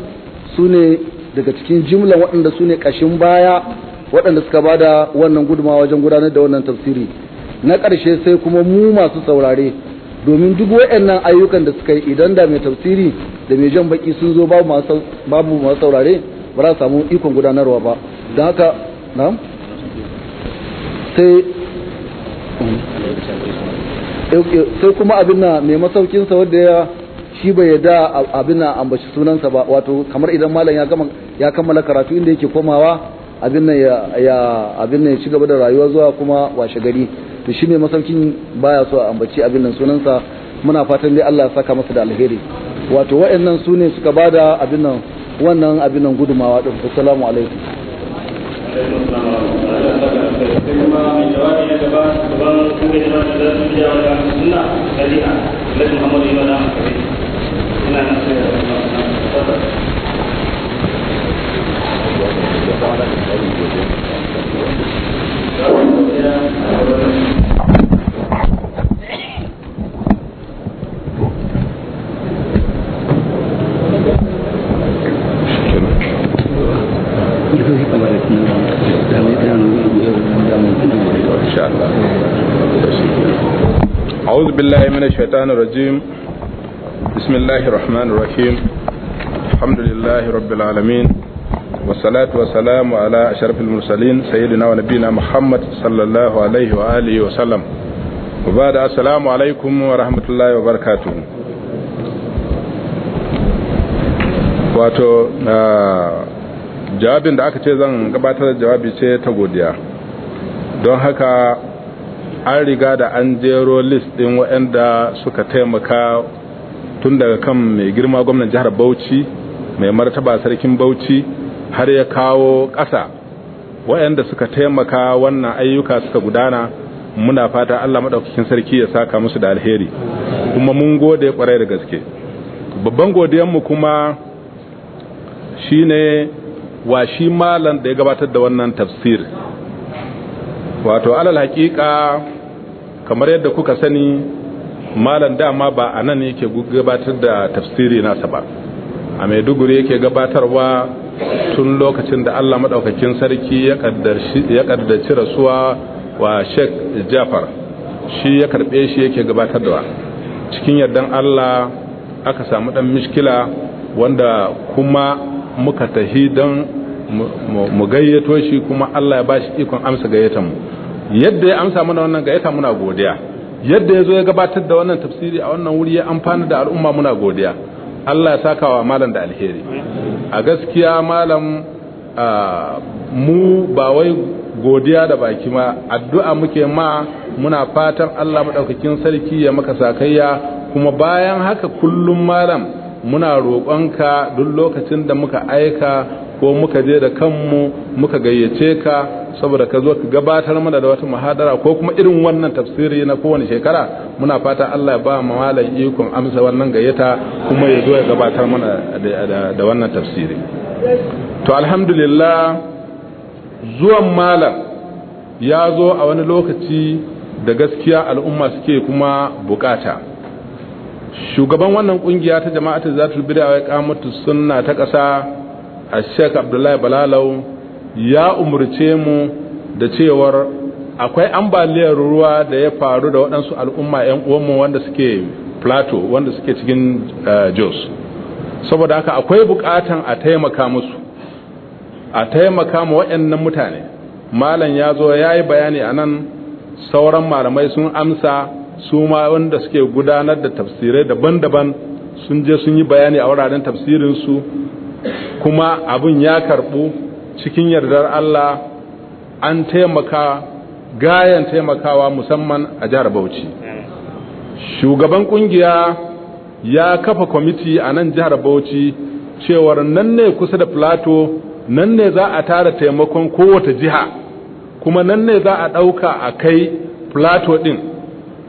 su ne daga cikin jimlan waɗanda su ne ƙashin baya waɗanda suka ba da wannan gudumawa wajen gudanar da wannan tafsiri na ƙarshe sai kuma mu masu saurare domin duk waɗannan ayyukan da suka yi idan da mai tafsiri da mai jan baki sun zo babu masu saurare ba za samu ikon gudanarwa ba sai sai kuma abin na mai masaukin sa wanda ya shi bai yadda abin na ambaci sunansa ba wato kamar idan malam ya gama ya kammala karatu inda yake komawa abin nan ya abin nan ya ci gaba da rayuwa zuwa kuma washe gari to shi mai masaukin baya so a ambaci abin nan sunansa muna fatan dai Allah ya saka masa da alheri wato waɗannan su ne suka bada abin nan wannan abin nan gudumawa din assalamu alaikum kami jawab dia sebab sebab mungkin dalam dalam dia akan senang jadi kan lebih Muhammad lima dalam kami senang saya Terima kasih kerana menonton! أعوذ بالله من الشيطان الرجيم بسم الله الرحمن الرحيم الحمد لله رب العالمين والصلاة والسلام على أشرف المرسلين سيدنا ونبينا محمد صلى الله عليه وآله وسلم وبعد السلام عليكم ورحمة الله وبركاته wato jawabin da aka ce zan gabatar da jawabi ce ta godiya don haka an riga da an jero list din waɗanda suka taimaka tun daga kan mai girma gwamnan jihar bauchi mai martaba sarkin bauchi har ya kawo ƙasa waɗanda suka taimaka wannan ayyuka suka gudana muna fata allah maɗaukakin sarki ya saka musu da alheri kuma mun gode ƙwarai da gaske babban godiyanmu kuma shine wa shi malam da ya gabatar da wannan tafsir wato alal haƙiƙa kamar yadda kuka sani malam dama ba a nan yake gabatar da tafsiri nasa ba a maiduguri yake gabatarwa tun lokacin da allah maɗaukakin sarki ya ƙaddaci rasuwa wa sheik jafar shi ya karɓe shi yake gabatar gabatarwa cikin yardan allah aka samu ɗan mishkila wanda kuma muka tahi don mu gayyato shi kuma allah ya ba shi ikon amsa mu. yadda ya amsa mana wannan gayyata muna godiya yadda ya zo ya gabatar da wannan tafsiri a wannan wuri ya amfana da al'umma muna godiya Allah ya saka wa malam da alheri a gaskiya malam mu ba wai godiya da baki ma addu'a muke ma muna fatan Allah madaukakin sarki ya maka sakayya kuma bayan haka kullum malam muna roƙonka duk lokacin da muka aika ko muka je da kanmu muka gayyace ka saboda ka zo ka gabatar mana da wata muhadara ko kuma irin wannan tafsiri na kowane shekara muna fata Allah ya ba mu malam ikon amsa wannan gayyata kuma ya zo ya gabatar mana da wannan tafsiri to alhamdulillah zuwan malam ya zo a wani lokaci da gaskiya al'umma suke kuma bukata shugaban wannan kungiya ta jama'atul zatul bidawa ya kamatu sunna ta ƙasa a abdullahi balalau ya umarce mu da cewar akwai ambaliyar ruwa da ya faru da waɗansu al'umma 'yan uwanmu wanda suke plato wanda suke cikin eh, jos saboda haka akwai bukatan a taimaka musu a taimaka ma waɗannan mutane malam ya zo ya yi bayani a nan sauran malamai sun amsa su ma wanda suke gudanar da tafsirai daban-daban sun je sun yi bayani a wuraren tafsirinsu kuma abin ya karɓu cikin yardar Allah an taimaka gayan taimakawa musamman a jihar Bauchi shugaban ƙungiya ya kafa kwamiti a nan jihar Bauchi cewar nan ne kusa da plato nan ne za a tara taimakon kowace jiha kuma nan ne za a ɗauka a kai plato ɗin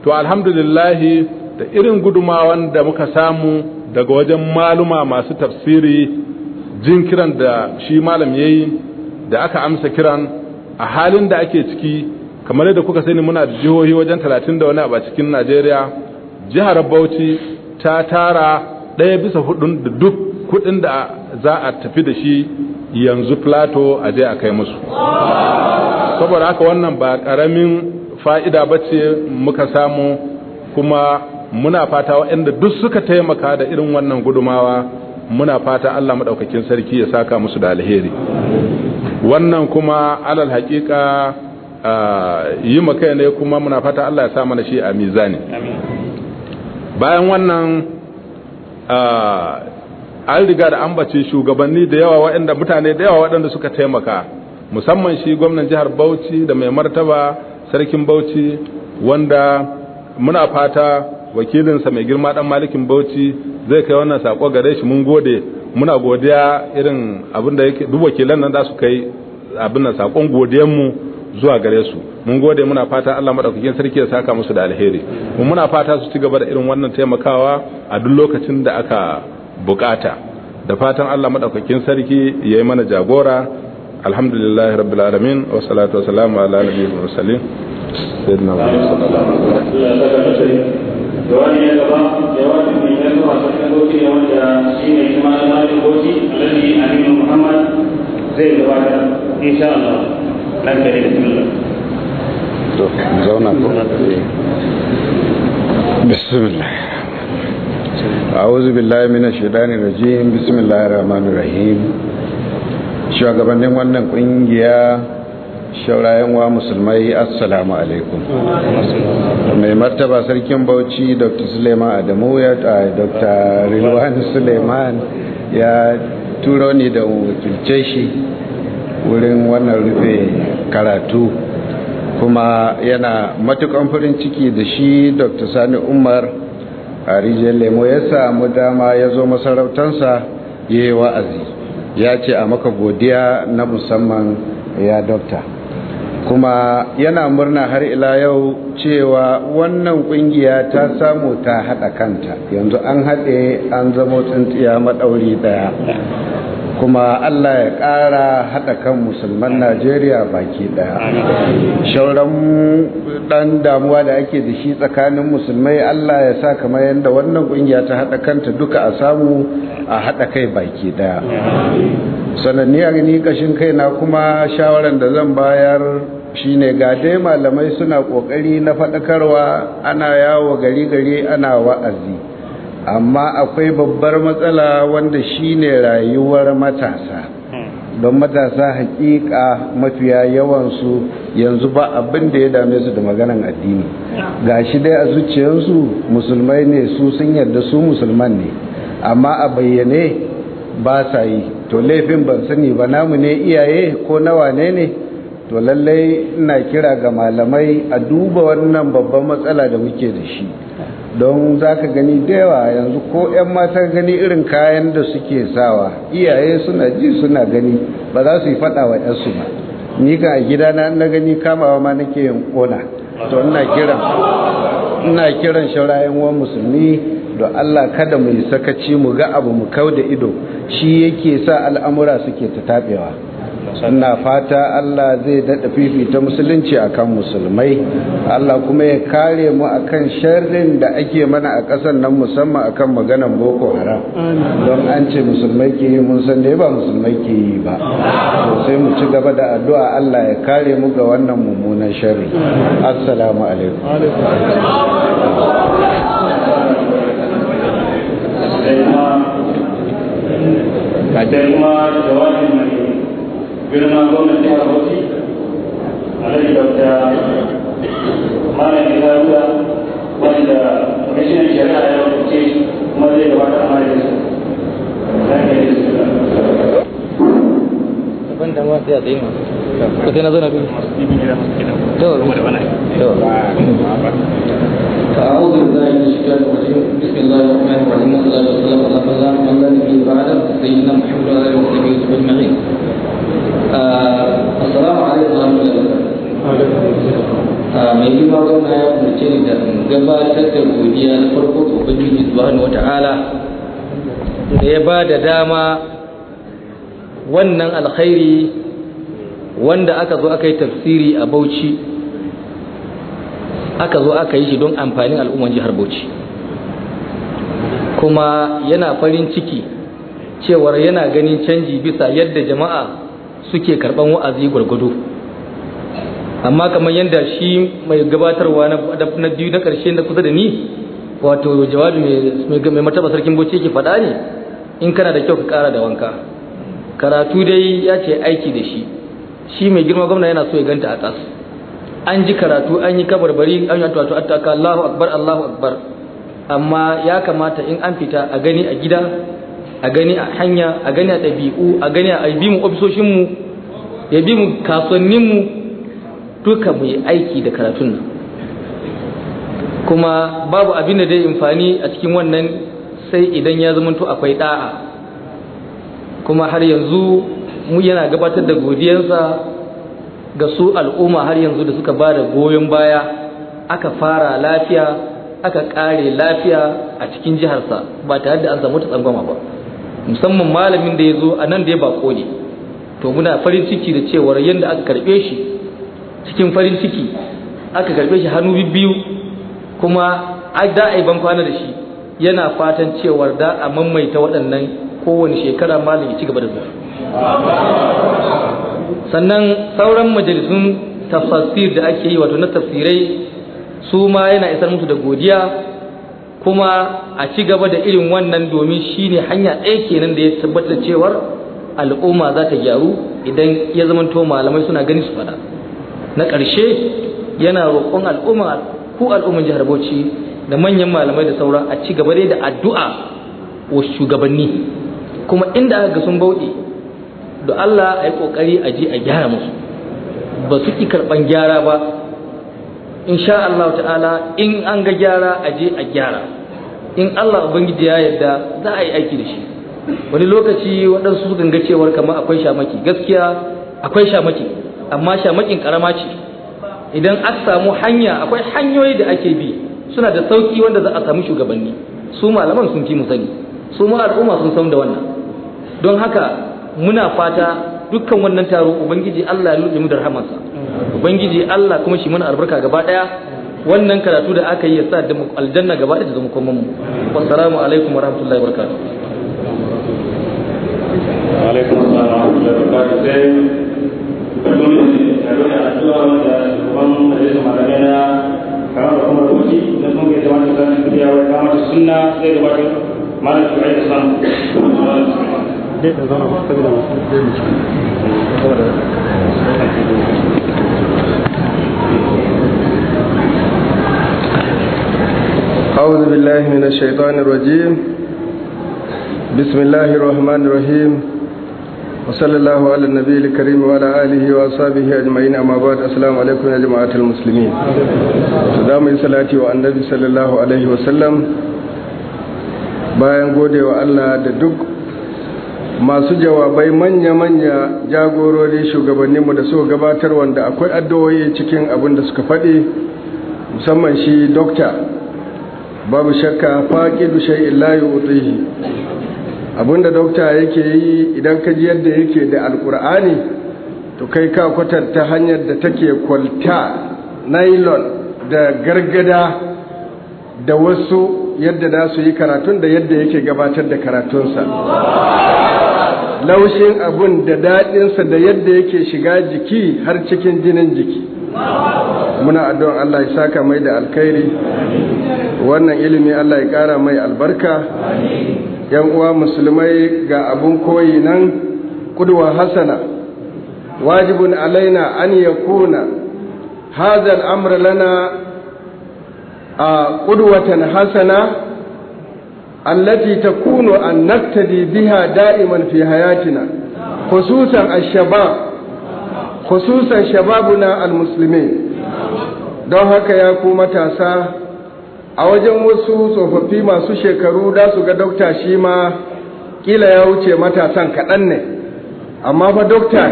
to alhamdulillahi da irin gudumawan da muka samu daga wajen maluma masu tafsiri jin kiran da shi malam ya yi da aka amsa kiran a halin da ake ciki kamar yadda kuka sani muna da jihohi wajen talatin da wani a cikin najeriya jihar bauchi ta tara ɗaya bisa hudun da duk kudin da za a tafi da shi yanzu plato a je a kai musu saboda haka wannan ba ƙaramin fa'ida ba ce muka samu kuma muna fata waɗanda duk suka taimaka da irin wannan gudumawa muna fata Allah madaukakin sarki ya saka musu da alheri wannan kuma alal haƙiƙa yi maka ne kuma muna fata Allah ya sa mana shi a mizani bayan wannan an riga da ambace shugabanni da yawa waɗanda mutane da yawa waɗanda suka taimaka musamman shi gwamnan jihar Bauchi da mai martaba sarkin Bauchi wanda muna fata wakilinsa mai girma ɗan malikin Bauchi zai kai wannan sako gare shi mun gode muna godiya irin abin da yake duk wakilan nan za su kai abin nan sakon godiyan mu zuwa gare su mun gode muna fata Allah madaukakin sarki ya saka musu da alheri mun muna fata su ci gaba da irin wannan taimakawa a duk lokacin da aka bukata da fatan Allah madaukakin sarki ya yi mana jagora alhamdulillahi rabbil alamin wa salatu wa salamu ala nabiyil mursalin sayyidina muhammad sallallahu alaihi wasallam jawabi na gaba jawabin mai ɗan zuwa sarkin goci ne wanda shi ne shi malam malam goci alhaji aminu muhammad zai gabatar insha allah nan kare bismillah to zauna ko bismillah أعوذ بالله من الشيطان الرجيم بسم الله الرحمن الرحيم shugabannin wannan ƙungiya. shaurayen wa musulmai assalamu alaikum mai martaba sarkin bauchi dr suleiman adamu ya dr rilwan suleiman ya turo ni da wakilce shi wurin wannan rufe karatu kuma yana matukan farin ciki da shi dr sani umar a rijiyar lemo ya samu dama ya zo masarautansa ya yi wa'azi ya ce a maka godiya na musamman ya dokta kuma yana murna har ila yau cewa wannan kungiya ta samu ta haɗa kanta yanzu an haɗe an zama tsintsiya maɗauri daya kuma allah ya ƙara haɗa kan musulman najeriya baki daya shauran ɗan damuwa da ake da shi tsakanin musulmai allah ya sa kamar yadda wannan ƙungiya ta haɗa kanta duka a samu a haɗa kai baki ɗaya. Sananniyar ni kashin kashin kaina kuma shawaran da zan bayar shine ga dai malamai suna kokari na faɗakarwa ana yawo gari gari ana wa'azi amma akwai babbar matsala wanda shine rayuwar matasa don matasa hakika mafiya yawansu yanzu ba abin da ya dame su da maganan addini ga shi dai a zuciyarsu musulmai ne su sun yarda su musulman ne amma a bayyane ba sa yi to laifin ban sani ba namu ne iyaye ko nawa ne ne to lallai ina kira ga malamai a duba wannan babban matsala da muke da shi don za ka gani da yawa yanzu ko 'yan mata gani irin kayan da suke sawa iyaye suna ji suna gani ba za su yi faɗawa wa 'yansu ba ni ka a gidana na gani kamawa ma nake yin ƙona to ina kiran ina kiran shi wa musulmi don Allah kada mu yi sakaci mu ga abu mu kau da ido shi yake sa al'amura suke ta tabewa ina fata Allah zai daɗa fifita musulunci akan musulmai Allah kuma ya kare mu akan sharrin da ake mana a ƙasar nan musamman akan maganan boko haram don an ce musulmai ke yi mun san da ba musulmai ke yi ba sai mu ci gaba da addu'a Allah ya kare mu ga wannan mummunan sharri assalamu alaikum ma da wannan girma gwamnan jihar bauchi alhaji dauta malam ilaruwa wanda kwamishinan shari'a ya rubuce kuma zai gabata a mara su abin da ma sai a tsaye ma ko sai na zo na bin to to أعوذ بالله من الشيطان الرجيم بسم الله الرحمن الرحيم والصلاة والسلام على من لا نبي بعده سيدنا assalamu alaikum warahmatullahi mai girma gwamna ya umarce ni da gabatar da godiya na farko ga ubangiji subhanahu wata'ala da ya ba da dama wannan alkhairi wanda aka zo aka yi tafsiri a Bauchi aka zo aka yi shi don amfanin al'umman jihar Bauchi kuma yana farin ciki cewar yana ganin canji bisa yadda jama'a suke karban wa'azi gwargwado amma kamar yadda shi mai gabatarwa na biyu na karshe da kusa da ni wato jawabi mai mataba sarkin bocce yake faɗa ne in kana da kyau ka ƙara da wanka karatu dai ya ce aiki da shi shi mai girma gwamna yana so ya ganta a tas an ji karatu an yi kabarbari an yi wato attaka Allahu akbar Allahu akbar amma ya kamata in an fita a gani a gida a gani a hanya a gani a ɗabi'u a gani a bi mu ofisoshinmu ya bi mu mu duka mu yi aiki da karatun nan kuma babu abin da dai amfani a cikin wannan sai idan ya zamanto akwai da'a kuma har yanzu mu yana gabatar da godiyarsa ga su al'umma har yanzu da suka ba da goyon baya aka fara lafiya aka kare lafiya a cikin jiharsa ba tare da an samu ta tsangwama ba musamman malamin da ya zo a nan da ya bako ne to muna farin ciki da cewar yadda aka karɓe shi cikin farin ciki aka karɓe shi hannu biyu kuma da a yi ban kwana da shi yana fatan cewar da a mammaita waɗannan kowane shekara malam ya ci gaba da zuwa sannan sauran majalisun tafsir da ake yi wato na tafsirai su ma yana isar musu da godiya kuma a ci gaba da irin wannan domin shine hanya ɗaya kenan da ya tabbatar cewar al'umma za ta gyaru idan ya zamanto malamai suna gani su fada na ƙarshe yana roƙon al'umma ku al'umman jihar Bauchi da manyan malamai da sauran a ci gaba dai da addu'a wa shugabanni kuma inda aka ga sun bauɗe da Allah a yi ƙoƙari a je a gyara musu ba su ki karɓan gyara ba insha Allah ta'ala in an ga gyara a je a gyara in Allah ubangiji ya yarda za a yi aiki da shi wani lokaci waɗansu su ganga cewar kamar akwai shamaki gaskiya akwai shamaki amma shamakin karama ce idan a samu hanya akwai hanyoyi da ake bi suna da sauki wanda za a samu shugabanni su malaman sun fi mu sani su ma al'umma sun san da wannan don haka muna fata dukkan wannan taro ubangiji Allah ya lulluɓe mu da rahamarsa ubangiji Allah kuma shi mana albarka gaba daya wannan karatu da aka yi ya sa da aljanna gaba da zama kuma mu assalamu alaikum warahmatullahi wabarakatuh alaikum assalam wa rahmatullahi wa da na da kuma rubuci da wa kama da sunna malam da zama ba masu أعوذ بالله من الشيطان الرجيم بسم الله الرحمن الرحيم وصلى الله على النبي الكريم وعلى آله وصحبه أجمعين أما بعد السلام عليكم يا جماعة المسلمين سلام صلاتي وعن النبي صلى الله عليه وسلم bayan godewa Allah da duk masu jawabai manya-manya jagorori shugabanninmu da suka gabatar wanda akwai addu'o'i cikin abin da suka faɗi musamman shi dokta babu shakka faqidu shay'in la yu'tihi abinda dokta yake yi idan ka ji yadda yake da alkur'ani to kai ka ta hanyar da take kwalta nylon da gargada da wasu yadda za su yi karatun da yadda yake gabatar da karatunsa laushin abun da daɗinsa da yadda yake shiga jiki har cikin jinin jiki muna addu'an allah ya saka mai da alkhairi wannan ilimi Allah ya ƙara mai albarka yan uwa musulmai ga abun koyi nan kudwa hasana wajibun alaina an ya kuna hazal amr lana kudwatan hasana allati takunu an naktadi biha da'iman fi hayatina khususan ash-shabab khususan shababuna al musulmi don haka ya ku matasa a wajen wasu tsofaffi masu shekaru da su ga dokta shi ma kila ya wuce matasan kaɗan ne amma fa dokta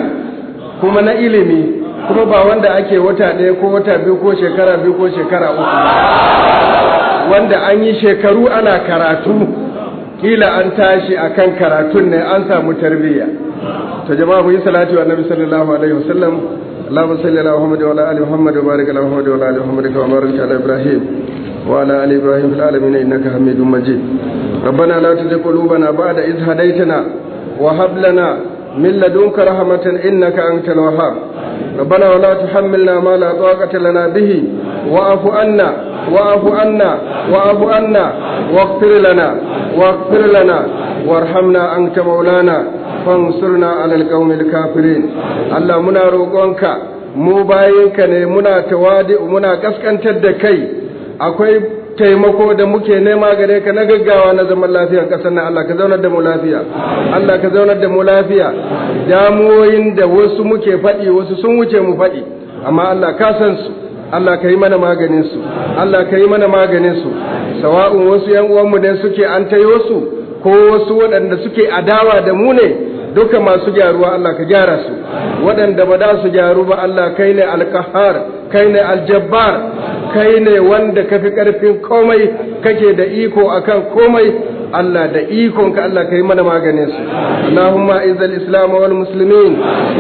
kuma na ilimi kuma ba wanda ake wata ɗaya ko wata biyu ko shekara biyu ko shekara uku wanda an yi shekaru ana karatu kila an tashi akan karatun ne an samu tarbiyya to jama'a ku yi salati wa annabi sallallahu alaihi wasallam اللهم صل على محمد وعلى ال محمد وبارك على محمد وعلى ال محمد كما باركت على ابراهيم وعلى آل إبراهيم في العالمين إنك حميد مجيد ربنا لا تزغ قلوبنا بعد إذ هديتنا وهب لنا من لدنك رحمة إنك أنت الوهاب ربنا ولا تحملنا ما لا طاقة لنا به واعف عنا واعف عنا واعف عنا واغفر لنا واغفر لنا وارحمنا أنت مولانا فانصرنا على القوم الكافرين الله منا روقونك mu bayinka ne muna tawadi muna kaskantar da kai akwai taimako da muke nema gare ka na gaggawa na zaman lafiyar kasar nan Allah ka zaunar da mu lafiya Allah ka zaunar da mu lafiya damuwoyin da wasu muke faɗi wasu sun wuce mu faɗi amma Allah ka san su Allah ka yi mana maganin su Allah ka yi mana maganin su sawa'un wasu yan uwan mu ne suke an tayo su ko wasu waɗanda suke adawa da mu ne duka masu gyaruwa Allah ka gyara su waɗanda ba da su gyaru ba Allah kai ne alkahar kai ne aljabbar kai ne wanda ka fi ƙarfin komai kake da iko akan komai Allah da ikonka Allah kai mana maganin su Allahumma izal islam wal muslimin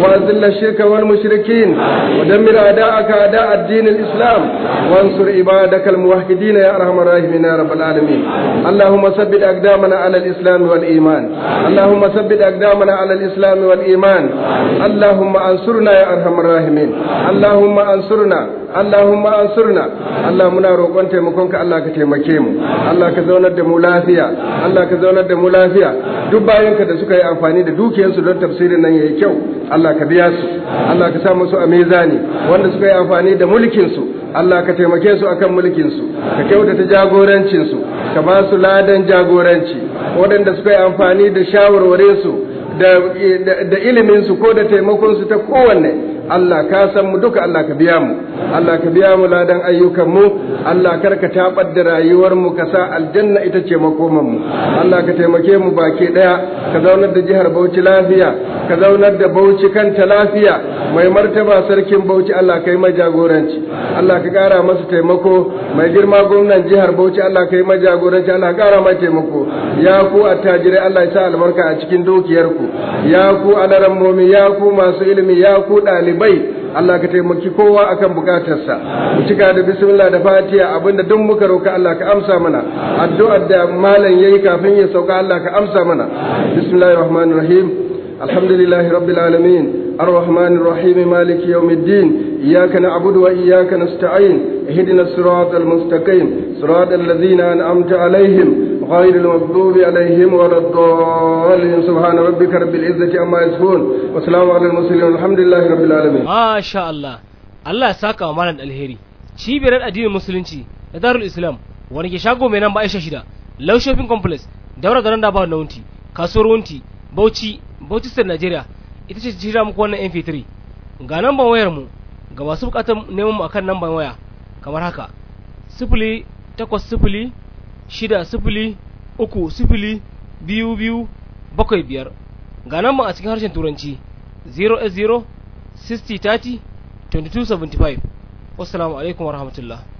wa zilla shirka wal mushrikin wa dammir a'da'aka a'da ad islam wa ansur muwahhidin ya arhamar rahimin ya rabbal alamin Allahumma sabbit aqdamana ala al-islam wal iman Allahumma sabbit aqdamana على الإسلام والإيمان اللهم أنصرنا يا أرحم الراحمين اللهم أنصرنا اللهم أنصرنا taimakonka Allah كتيمكيم الله mu Allah الله كزونا ka da duk bayanka da suka yi amfani da dukiyarsu don tafsirin nan yayi kyau Allah ka biya su Allah ka sa musu yi amfani da mulkinsu ka taimake su akan mulkin ka kyautata jagorancin ka ba su ladan jagoranci waɗanda suka yi amfani da shawarwarin su da iliminsu ko da taimakonsu ta kowanne Allah ka san mu duka Allah ka biya mu Allah ka biya mu ladan ayyukan mu Allah kar ka tabar da rayuwar mu ka sa aljanna ita ce makoman mu Allah ka taimake mu baki daya ka zaunar da jihar Bauchi lafiya ka zaunar da Bauchi kanta lafiya mai martaba sarkin Bauchi Allah kai jagoranci. Allah ka kara masa taimako mai girma gwamnan jihar Bauchi Allah kai jagoranci. Allah kara mai taimako ya ku attajirai Allah ya sa albarka a cikin dukiyarku ya ku momi ya ku masu ilimi ya ku ɗalibai ɗalibai Allah ka taimaki kowa akan bukatarsa mu cika da bismillah da fatiha abinda duk muka roka Allah ka amsa mana addu'a da malam yayi kafin ya sauka Allah ka amsa mana bismillahir rahmanir rahim alhamdulillahi rabbil alamin الرحمن الرحيم مالك يوم الدين إياك نعبد وإياك نستعين اهدنا الصراط المستقيم صراط الذين أنعمت عليهم غير المغضوب عليهم ولا الضالين سبحان ربك رب العزة عما يصفون وسلام على المسلمين والحمد لله رب العالمين ما شاء الله الله ساكا ومالا الهيري cibiyar addinin musulunci da darul islam wani ke shago mai nan ba aisha دورة low shopping complex daura garin da ba wunti kasuwar wunti bauchi bauchi state nigeria ita ce jira muku wannan mp3 ga namban wayar mu ga masu bukatar neman mu akan namban waya kamar haka sifili takwas sifili shida sifili uku sifili biyu biyar ga namban a cikin harshen turanci 080 60 30 2275 wassalamu alaikum warahmatullahi